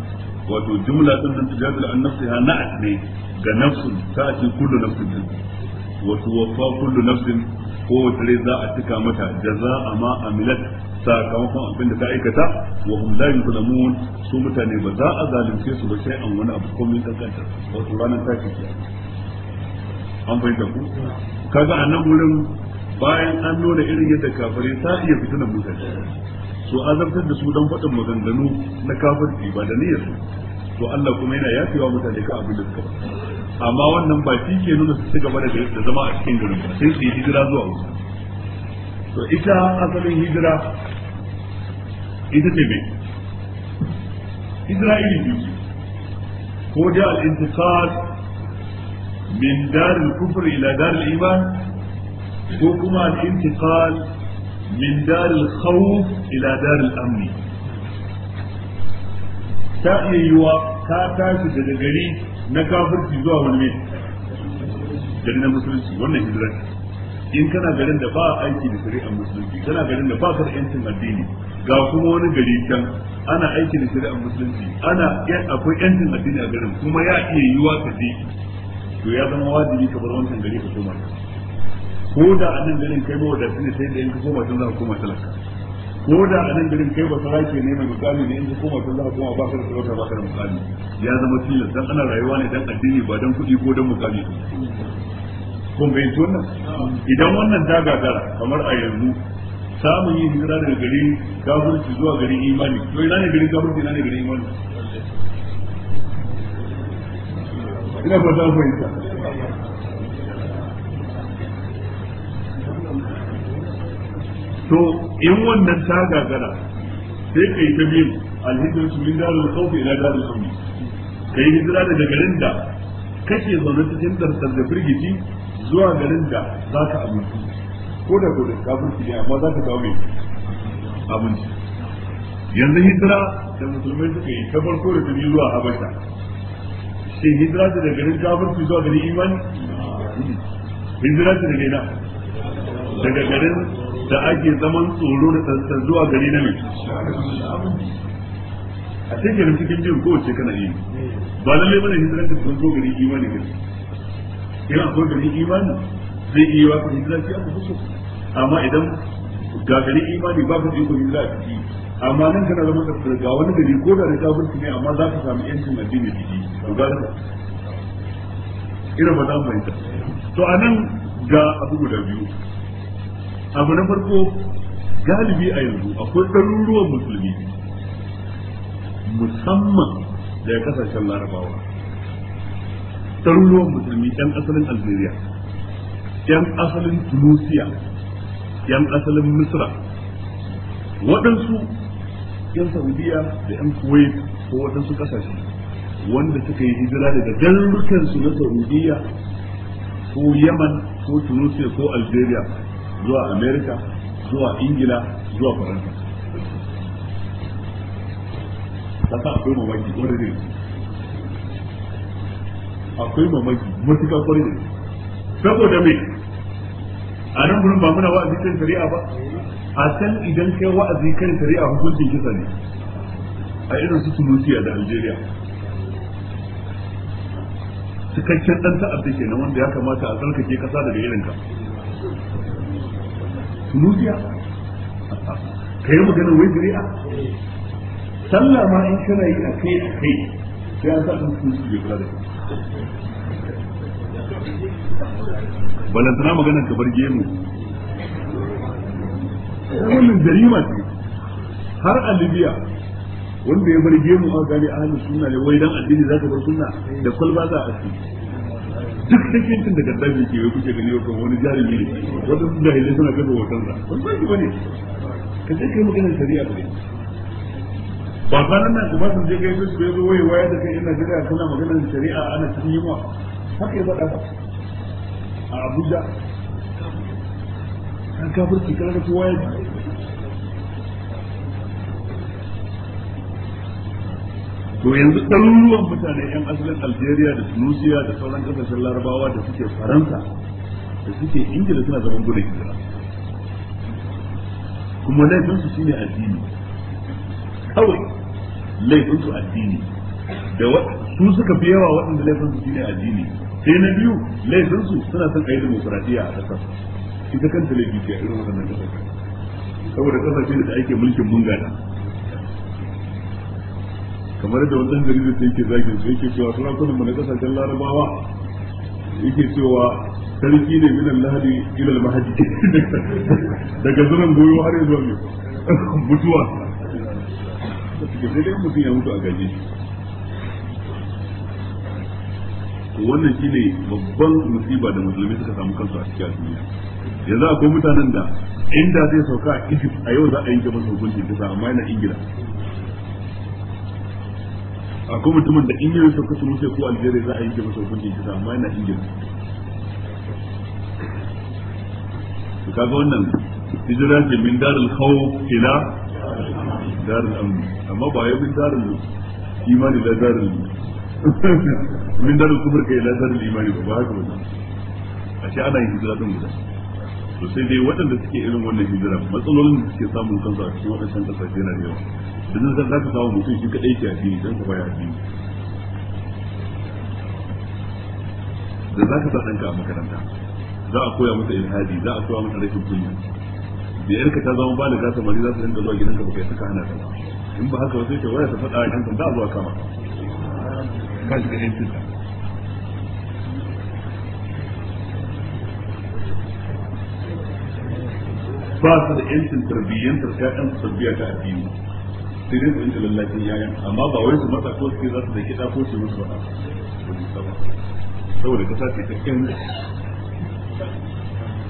وتو جملة تنجادل عن نفسها نعت لي كنفس تأتي كل نفس جنس wa tuwaffa kullu nafsin kowace rai za a cika mata jaza'a ma amilat sakamakon abin da ta aikata wa hum la yuzlamun su mutane ba za a zalunce su ba sai an wani abu komai kankanta wato ranar tashi ke an fahimta ku kaga a nan wurin bayan an nuna irin yadda kafirai ta iya fitinan mutane su azabtar da su don faɗin maganganu na kafirci ba da niyyar su to Allah kuma yana yafewa mutane ka abin da suka ba amma wannan ba shi ke nuna su gaba da da zama a cikin garin ba sai su yi hijira zuwa wuta to ita asalin hijira ita ce mai hijira iri biyu ko da al-intiqal min dar al-kufr ila dar iman ko kuma al-intiqal min dar al-khawf ila dar al ta iya yiwa ka tashi daga gari na kafirci zuwa wani ne gari na musulunci wannan hijira in kana garin da ba aiki da shari'ar musulunci kana garin da ba ka yancin addini ga kuma wani gari can ana aiki da shari'ar musulunci ana akwai yancin addini a garin kuma ya iya yiwa ka je to ya zama wajibi ka bar wancan gari ka koma ko da a nan garin kai ba wadatin sai da yanka ka koma can za ka koma talaka ko da a nan garin kai ba sarake ne mai mukami ne in ka koma tun za koma ba ka da sarauta ba ka da mukami ya zama tilas dan ana rayuwa ne dan addini ba dan kuɗi ko dan mukami kun bayyanci wannan idan wannan ta gagara kamar a yanzu samun yin hijira daga gari kafirci zuwa garin imani to ina ne garin kafirci ina ne garin imani ina ba ta to in wannan ta gagara sai kai ta biyu alhijir su min darul khawfi ila darul Ka kai hijira daga garin da kake zaune cikin dantar da firgici zuwa garin da za ka abinci ko da gobe ka burki ne amma za ka dawo mai abinci yanzu hijira da musulmai suka yi ta farko da tafi zuwa habasha shi hijira da garin kafirci zuwa garin imani hijira da daga garin da ake zaman tsoro da tsantsan zuwa gari na mai a cikin cikin jin kowace kana yi ba lalle bane hijira ta zo gari imani gari ina so gari imani zai iya wata hijira ta ku so amma idan ga gari imani ba ka iko hijira ta ciki amma nan kana zama tsare ga wani gari ko da ta bunci ne amma za ka samu yancin addini da to ga ka ina ba za mu fahimta to ga abu guda biyu abu na farko galibi a yanzu akwai ɗaruruwan musulmi musamman daga kasashen larabawa ɗaruruwan musulmi 'yan asalin algeria 'yan asalin tunisia ɗan asalin misra waɗansu 'yan saudiya da 'yan kuwait ko waɗansu ƙasashe wanda suka yi hijira daga garurukansu na saudiya ko yaman ko tunisia ko algeria zuwa america zuwa ingila zuwa faransa kasa akwai mamaki wani ne. akwai mamaki matuƙa kwarai da saboda me a nan gurin ba muna wa'azi kan shari'a ba a can idan kai wa'azi kan shari'a hukuncin kisa ne a irin su tunisia da algeria cikakken ɗan ta'adda kenan wanda ya kamata a tsarkake kasa daga irinka Ka yi magana wai zuri'a sallah ma in kana yi a kai sai an sa ɗan su su kula da balantana magana ka bar gemu wannan jarima ce har a libya wanda ya bar gemu a a hannun suna ne wai dan addini za ta bar suna da kwalba za a asiri duk sakincin da gaddafi ke kuke gani kan wani jarumi ne wanda suna kafa hoton sa ban shi bane ka sai kai maganar shari'a ba ba nan ku ba su je gaishe su yazo waye da kai ina maganar shari'a ana cikin yunwa haka ya faɗa a Abuja an kana to yanzu ɗaruruwan mutane 'yan asalin algeria da tunisia da sauran ƙasashen larabawa da suke faransa da suke ingila suna zaman gudun hijira kuma laifinsu shine addini kawai laifinsu addini da su suka fi yawa waɗanda laifinsu shine addini sai na biyu laifinsu suna son ayi demokuraɗiyya a ƙasar ita kanta laifi ke a irin waɗannan ƙasashen saboda ƙasashen da ake mulkin mungana kamar da wannan jarida da yake zagin su yake cewa suna kudin na kasashen larabawa yake cewa sarki ne minan lahadi ilal mahadi daga zuran goyo har zuwa mai mutuwa sai dai mutum ya mutu a gaje wannan shine babban musiba da musulmi suka samu kansu a cikin duniya yanzu akwai mutanen da inda zai sauka a Egypt a yau za a yanke masa hukunci kisa amma yana Ingila akwai mutumin da in yi kasu kusa musa ko algeria za a yi masa hukunci kisa amma yana ingila to kaga wannan hijira ce min darul khawf ila darul amn amma ba yau min darul imani da darul min darul kufr kai ila darul imani ba ba haka ba ce ana yin hijira din guda to sai dai waɗanda suke irin wannan hijira matsalolin da suke samun kansu a cikin waɗancan kasashe na da yawa domin zan za ka samu mutum shi kaɗai ke addini don ka baya addini da za ka sa ka a makaranta za a koya masa ilhadi za a koya masa rashin kunya da yarka ta zama ba da gasa mari za su dinga zuwa gidanka ba kai suka hana ta in ba haka wasu ce waya ta faɗa a kanta za a zuwa kama ka shiga ba su da yancin tarbiyyantar ƴaƴan tarbiyyar ta addini sai da su rinka lallacin yayan amma ba wai su mata ko suke za su da kita ko su musu ba saboda kasa ce ta kyan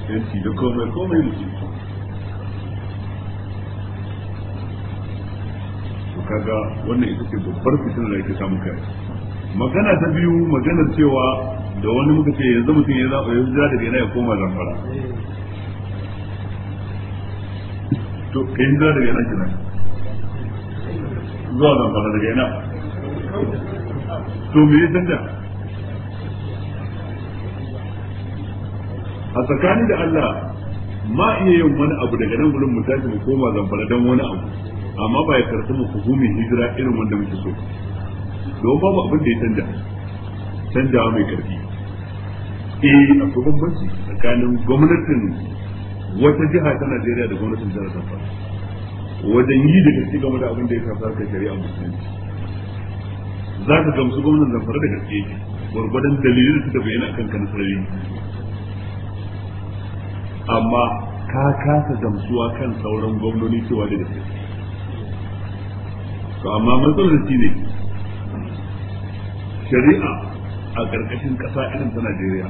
yanci da komai komai da mutum to kaga wannan ita ce babbar fitina da ake samu kai magana ta biyu maganar cewa da wani muka ce yanzu mutum ya zaɓa yanzu da daga ya koma zamfara to kai yanzu daga yana kenan zuwa zamfara daga yana. to me yi canja a tsakani da Allah ma iya yin wani abu daga nan gudun mu tashi mu koma zamfara don wani abu amma ba ya karfi mu hukumin hijira irin wanda muke so don babu abin da ya canja canjawa mai karfi eh akwai bambanci tsakanin gwamnatin wata jiha ta Najeriya da gwamnatin jihar Zamfara wajen yi da gaske game da abin da ya shafi da shari'a musulunci za ka gamsu gwamnan zamfara da gaske gwargwadon dalilin da suka bayyana yana kan sarari amma ka kasa gamsuwa kan sauran gwamnoni cewa da gaske to amma matsalar shi ne shari'a a ƙarƙashin ƙasa irin ta Najeriya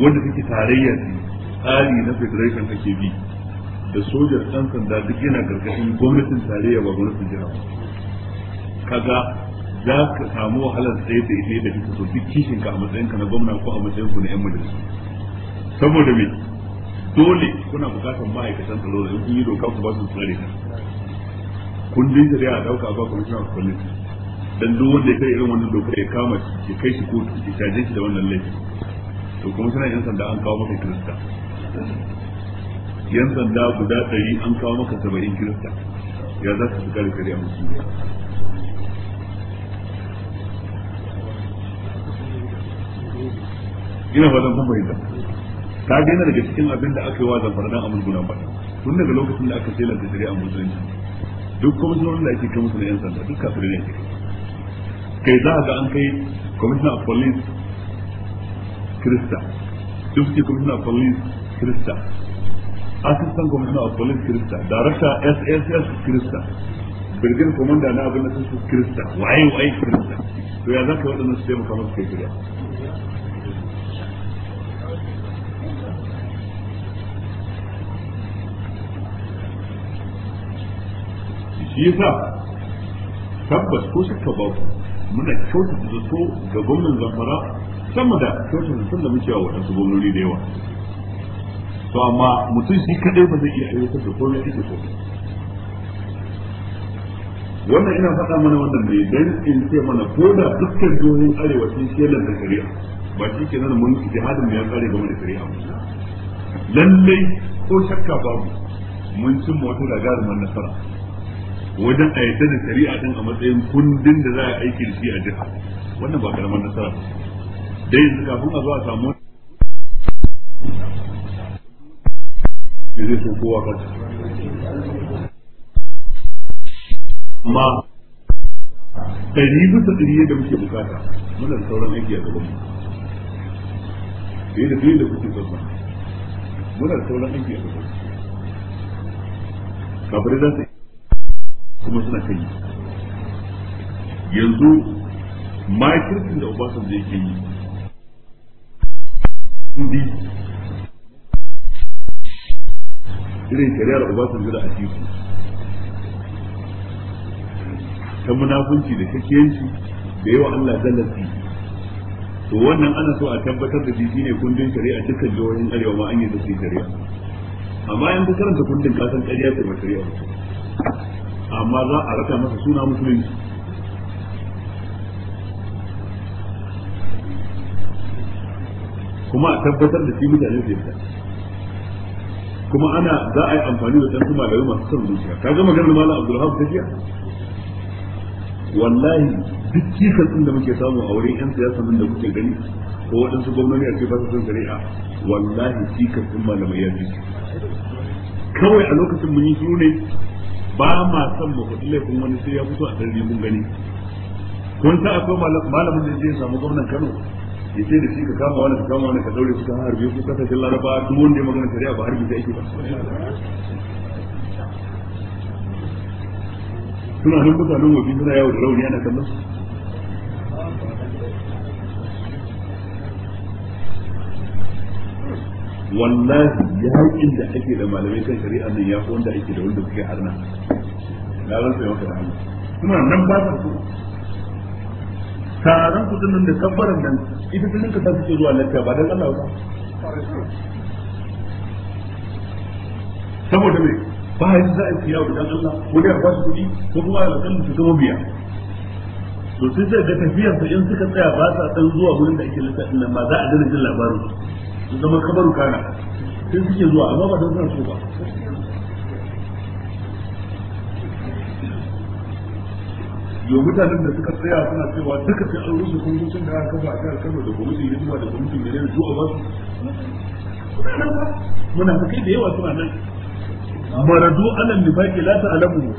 wanda take tarayya tsari na federation ake bi da sojar ɗan sanda duk yana karkashin gwamnatin tarayya ba gwamnatin jira kaga za ka samu wahalar tsaye da ita da kika so duk kishin ka a matsayin ka na gwamna ko a matsayin ku na yan majalisa saboda me dole kuna bukatar ma'aikatan tsaro da in kun yi doka ku ba su tsare ka din da ya dauka ba mutuna ku police dan duk wanda ya kai irin wannan dokar ya kama shi ya kai shi kotu ya caje shi da wannan laifi to kuma suna yan sanda an kawo maka kirista yan sanda guda ɗari an kawo maka saba'in kirista ya za su shiga da kare musulmi ina fatan kun fahimta ta daina daga cikin abin da aka yi wa zamfara dan amur guda ba tun daga lokacin da aka shelanta shari'a musulunci duk kwamishinonin da ake kai musu na yan sanda duk kafin ne kai za a ga an kai commissioner of police krista duk ke commissioner of police Krista. Asistan commissioner of police Krista. director sss Krista. Birgin commander na abin da su Krista. waye waye Krista. to ya zaka wadannan su taimaka musu kai gida. shi yasa tabbas ko shakka ka ku muna kyautata zato ga gwamnan zamfara sama da kyautata sun da muke wa wadansu gwamnoni da yawa to amma mutum shi kadai ba zai iya aiwatar da komai ita ko wannan ina faɗa mana wannan ne dan in ce mana ko da dukkan jihohin arewa sun shelar da shari'a ba shi ke nan mun ijtihadin mu ya tsare game da shari'a lallai ko shakka babu mun cin wata gagarumar nasara wajen a yadda da shari'a din a matsayin kundin da za a aiki da shi a jiha wannan ba karamar nasara ba dai yanzu kafin a zo a samu da zai so kowa kansa amma ɗari bisa ɗari yadda muke bukata muna da sauran aiki a gaban mu da fiye da kuke son muna da sauran aiki a gaban mu kafirai za su kuma suna kai yanzu makirkin da obasan zai ke yi irin shari'ar Obasanjo da Atiku ta munafunci da shakiyanci da yawa Allah zalafi to wannan ana so a tabbatar da shi ne kundin shari'a dukkan jihohin arewa ma an yi dukkan shari'a amma in ka karanta kundin kasan ƙarya ce ba shari'a amma za a raka masa suna musulunci kuma a tabbatar da shi mutane su yadda kuma ana za a yi amfani da dan malamai masu son zuciya ka ga maganar malam Abdulrahman ta jiya wallahi duk kisan din da muke samu a wurin yan siyasa nan da kuke gani ko waɗansu gwamnati a ce sun su shari'a wallahi kisan din malamai ya fi kawai a lokacin mun yi shiru ne ba ma son mu faɗi laifin wani sai ya fito a ɗan mun gani kun sa akwai malamin da zai samu gwamnan Kano ya ce da shi ka kama wani ka kama wani ka daure su ka harbe su kasashen laraba duk wanda ya magana shari'a ba harbi da yake ba suna nan mutanen waje suna yawo da rauni ana kallon su wallahi yaƙin da ake da malamai kan shari'a nan ya fi wanda ake da wanda suke harna na rantsa yau da hannu suna nan ba su taron kudin nan da kabbaran nan ita ta ka ta zuwa lafiya ba don Allah ba saboda me ba ya za a yi da Allah wani da ba shi kudi ko kuma ya san su zama biya to sai sai ga tafiyar su in suka tsaya ba sa san zuwa wurin da ake lissafin nan ba za a dinga jin labarin su zama kabaru kana sai suke zuwa amma ba don suna ba yau mutanen da suka tsaya suna cewa duka sai an rushe kwamfutocin da aka kafa a kan kano da kwamitin hizba da kwamitin yanayi da zuwa ba su muna kai da yawa suna nan maradu alal nifaqi la ta'lamu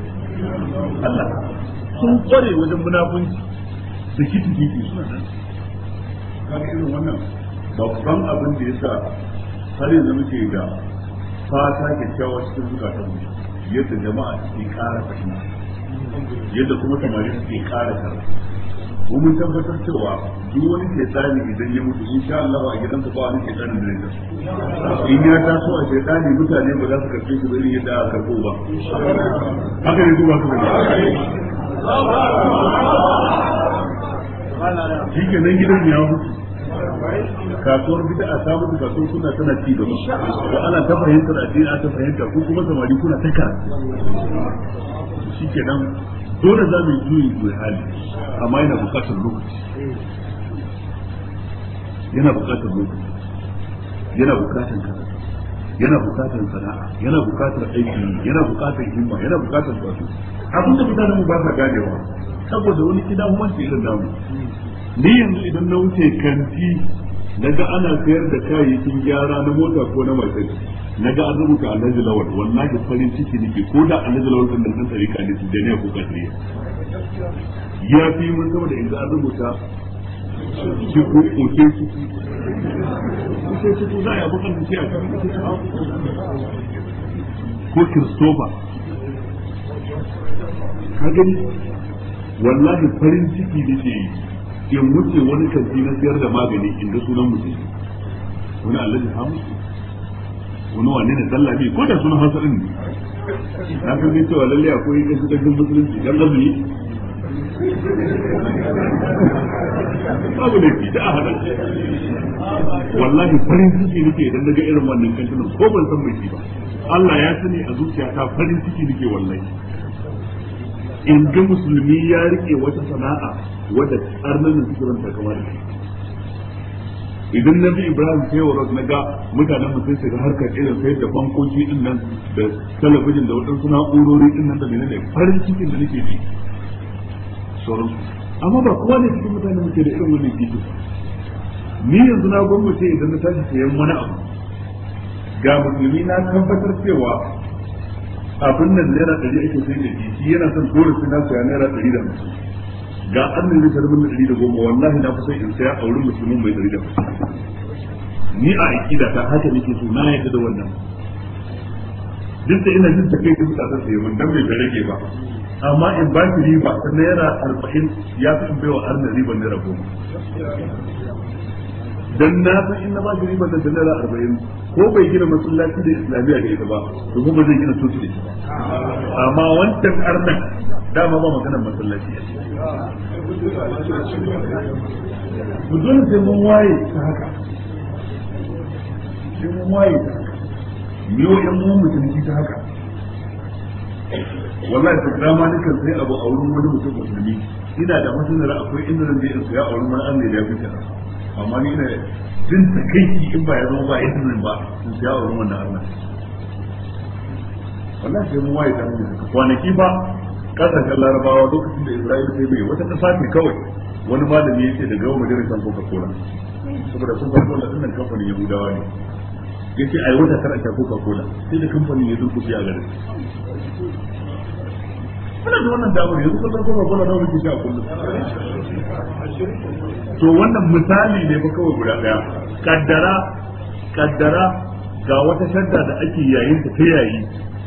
Allah sun kware wajen munafunci da kitikiti suna nan kaga irin wannan babban abin da yasa har yanzu muke da fata cewa cikin zukatan mu yadda jama'a suke ƙara fahimta yadda kuma samari suke kara karatu mu mun tabbatar cewa duk wani shaytani idan ya mutu insha Allah a gidansa ba wani shaytani da zai in ya taso a shaytani mutane ba za su karɓe shi ba yadda aka karɓo ba haka ne duba su ne shi ke nan gidan ya mutu kasuwar a samun da kasuwar suna tana ci gaba ko ana ta fahimtar addini ta fahimta ko kuma samari kuna ta karatu shikenan dole za mu yi juyi juyi hali amma yana bukatar lokaci yana bukatar lokaci yana bukatar karatu yana bukatar sana'a yana bukatar aiki yana bukatar himma yana bukatar wato abin da mutanen mu ba sa ganewa saboda wani kida hukunci irin namu ni yanzu idan na wuce kanti daga ana sayar da kayayyakin gyara na mota ko na mashin na ga an rubuta alhaji lawal wallahi farin ciki nake ko da alhaji lawal din nan tsarika ne da jami'a ko kadiriya ya fi mun zama da ga an rubuta shi ko koke su koke ko za a yi abokan da shi a ko kirstofa ka gani wallahi farin ciki nake yi in wuce wani kanti na siyar da magani inda sunan mutum wani alhaji hamusu wani wane zalla bi ko da sunan hausa din na kan cewa lalle akwai yin da kan musulunci kan zabi babu da fi da a hada wallahi farin ciki nake idan daga irin wannan kantinan ko ban san mai ba Allah ya sani a zuciya ta farin ciki nake wallahi in ga musulmi ya rike wata sana'a wadda arnanin suke ranta kamar da shi idan na bi ibrahim sai wa na ga mutanen mutum shiga harkar irin sai da bankoki din nan da talabijin da waɗansu na'urori din nan da ne farin cikin da nake ji sauran amma ba kowa ne cikin mutanen muke da irin wannan gidi ni yanzu na gwamnati idan na tashi sayan wani abu ga musulmi na tabbatar cewa abin nan naira ɗari ake sai da shi yana son dole sai na saya naira ɗari da hamsin ga annan da sarmin na ɗari da goma wallahi na kusa in saya a wurin musulmin mai ɗari da ni a aƙida ta haka nake so na yadda da wannan duk da ina jin takai da bukatar sai mun dan bai rage ba amma in ba ki riba sannan yana arba'in ya fi baiwa arna riban naira rabo dan na san in na ba shi ban da dala arba'in ko bai gina masallaci da islamiyya da ita ba to ko bai gina coci da shi amma wancan arnan dama ba magana masallaci mu dole sai mun waye ta haka sai mun waye ta haka yau yan mun mutunci ta haka wallahi da dama dukan sai abu a wurin wani mutum musulmi ina da masanar akwai inda zan je in ya a wurin wani an ya fi amma ni ne din ta kai takaici in ba ya zo ba izinin ba in siya wurin wannan arna wallahi sai mu waye da mu kwanaki ba kasashen larabawa lokacin da isra'ila sai bai wata kasa ne kawai wani malami yake daga yau majalisar coca cola saboda sun farko da sunan kamfanin yahudawa ne yace ai wata kar a sha coca sai da kamfanin ya durkushe a garin kuna da wannan damar yanzu kullum kuma kuna da muke sha kullum to wannan misali ne ba kawai guda daya kaddara kaddara ga wata shadda da ake yayin ta ta yayi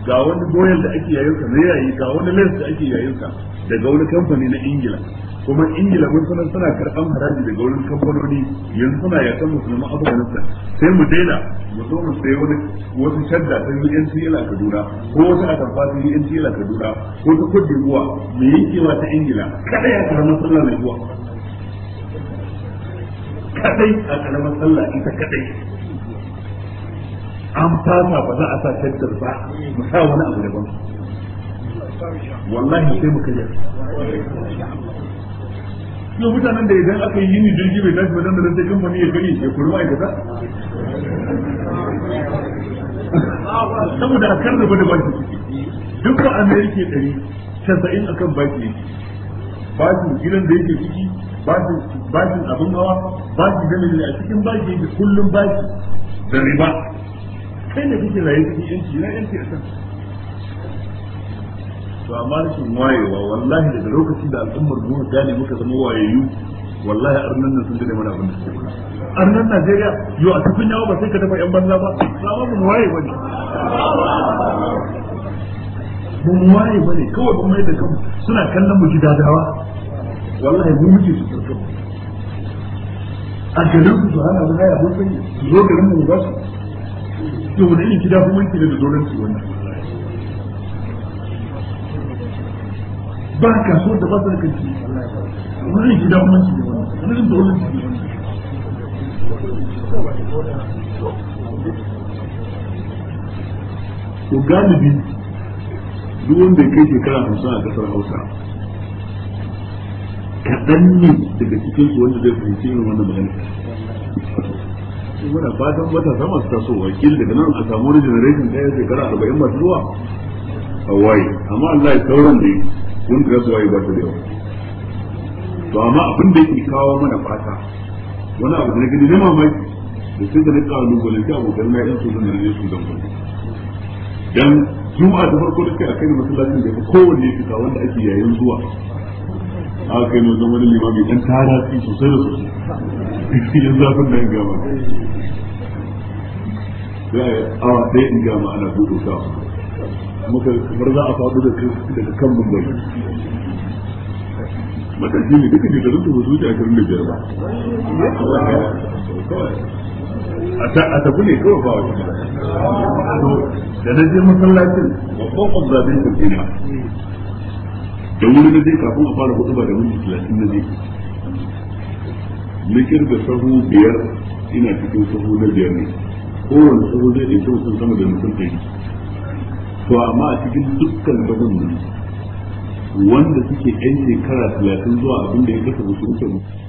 ga wani doyar da ake yayin na yayi ga wani lens da ake yayin daga wani kamfani na ingila kuma ingila mun sanar suna karɓar haraji daga wani kamfanoni yanzu suna yakan musulman afganistan sai mu daina mu zo mu sayi wani wasu shadda ta uncl a kaduna ko wata atamfa ta uncl a kaduna ko ta kudi ruwa mai yankewa ta ingila kada ya karamar sallah mai zuwa kadai a karamar sallah ita kadai an fasa ba za a sa kaddar ba mu sa wani abu daban wallahi sai mu kayyar yau mutanen da idan aka yi yini jirgi bai tashi wajen da zan sai kamfani ya gani ya kuri ma'aikata saboda a kan rufe da baki duk ba amerika ɗari casa'in a kan baki yake bakin gidan da yake ciki bakin abin hawa bakin da a cikin baki ne kullum baki da riba Sai ne kake rayu cikin yanci na yanci a kan to amma rashin wayewa wallahi daga lokaci da al'ummar mu gane muka zama wayayyu wallahi arnan nan sun gane mana abin da suke mana arnan Najeriya yau a cikin yawa ba sai ka dafa yan banza ba ba mu waye bane Mun waye bane kawai kuma yadda kanmu suna kallon mu gidadawa wallahi mun muke su farko a garin su hana mu haya mun sani zo garin mu ba su to wani in kida kuma ne da su wannan ba ka so da ba su da kanci wani in kida hukunci ne wannan wani in dolanci ne wannan to galibi duk wanda ya kai shekara hamsin a kasar hausa kaɗan ne daga cikin su wanda zai fahimci irin wannan magana shi muna fatan wata sama su taso wakil daga nan a samu wani generation ɗaya shekara arba'in masu zuwa a waye amma Allah ya sauran da wanda za su waye ba su da yawa to amma abin da yake kawo mana fata wani abu da na gani na mamaki da sun da na kalubalanci abokan na yan su zan da na su zan dan juma'a da farko da kai a kai masallacin da ya fi kowanne fita wanda ake yayin zuwa aka kai wajen wani limami dan tara su sosai da sosai yanzu zafin da ya gama sai awa ɗaya in gama ana buɗe ta muka kamar za a faɗo da daga kan mumbai matashi ne duka shekarun da su wuce ashirin da biyar ba a tafi ne kawai ba wata da na je masallacin babban observation ina da wuri da zai kafin a fara hudu ba da minti talatin na zai na kirga sahu biyar ina cikin sahu na biyar ne kowane sahu zai ɗauki mutum sama da nufin ɗari to amma a cikin dukkan sahun nan wanda suke yan shekara talatin zuwa abin da ya kasa musu wuce musu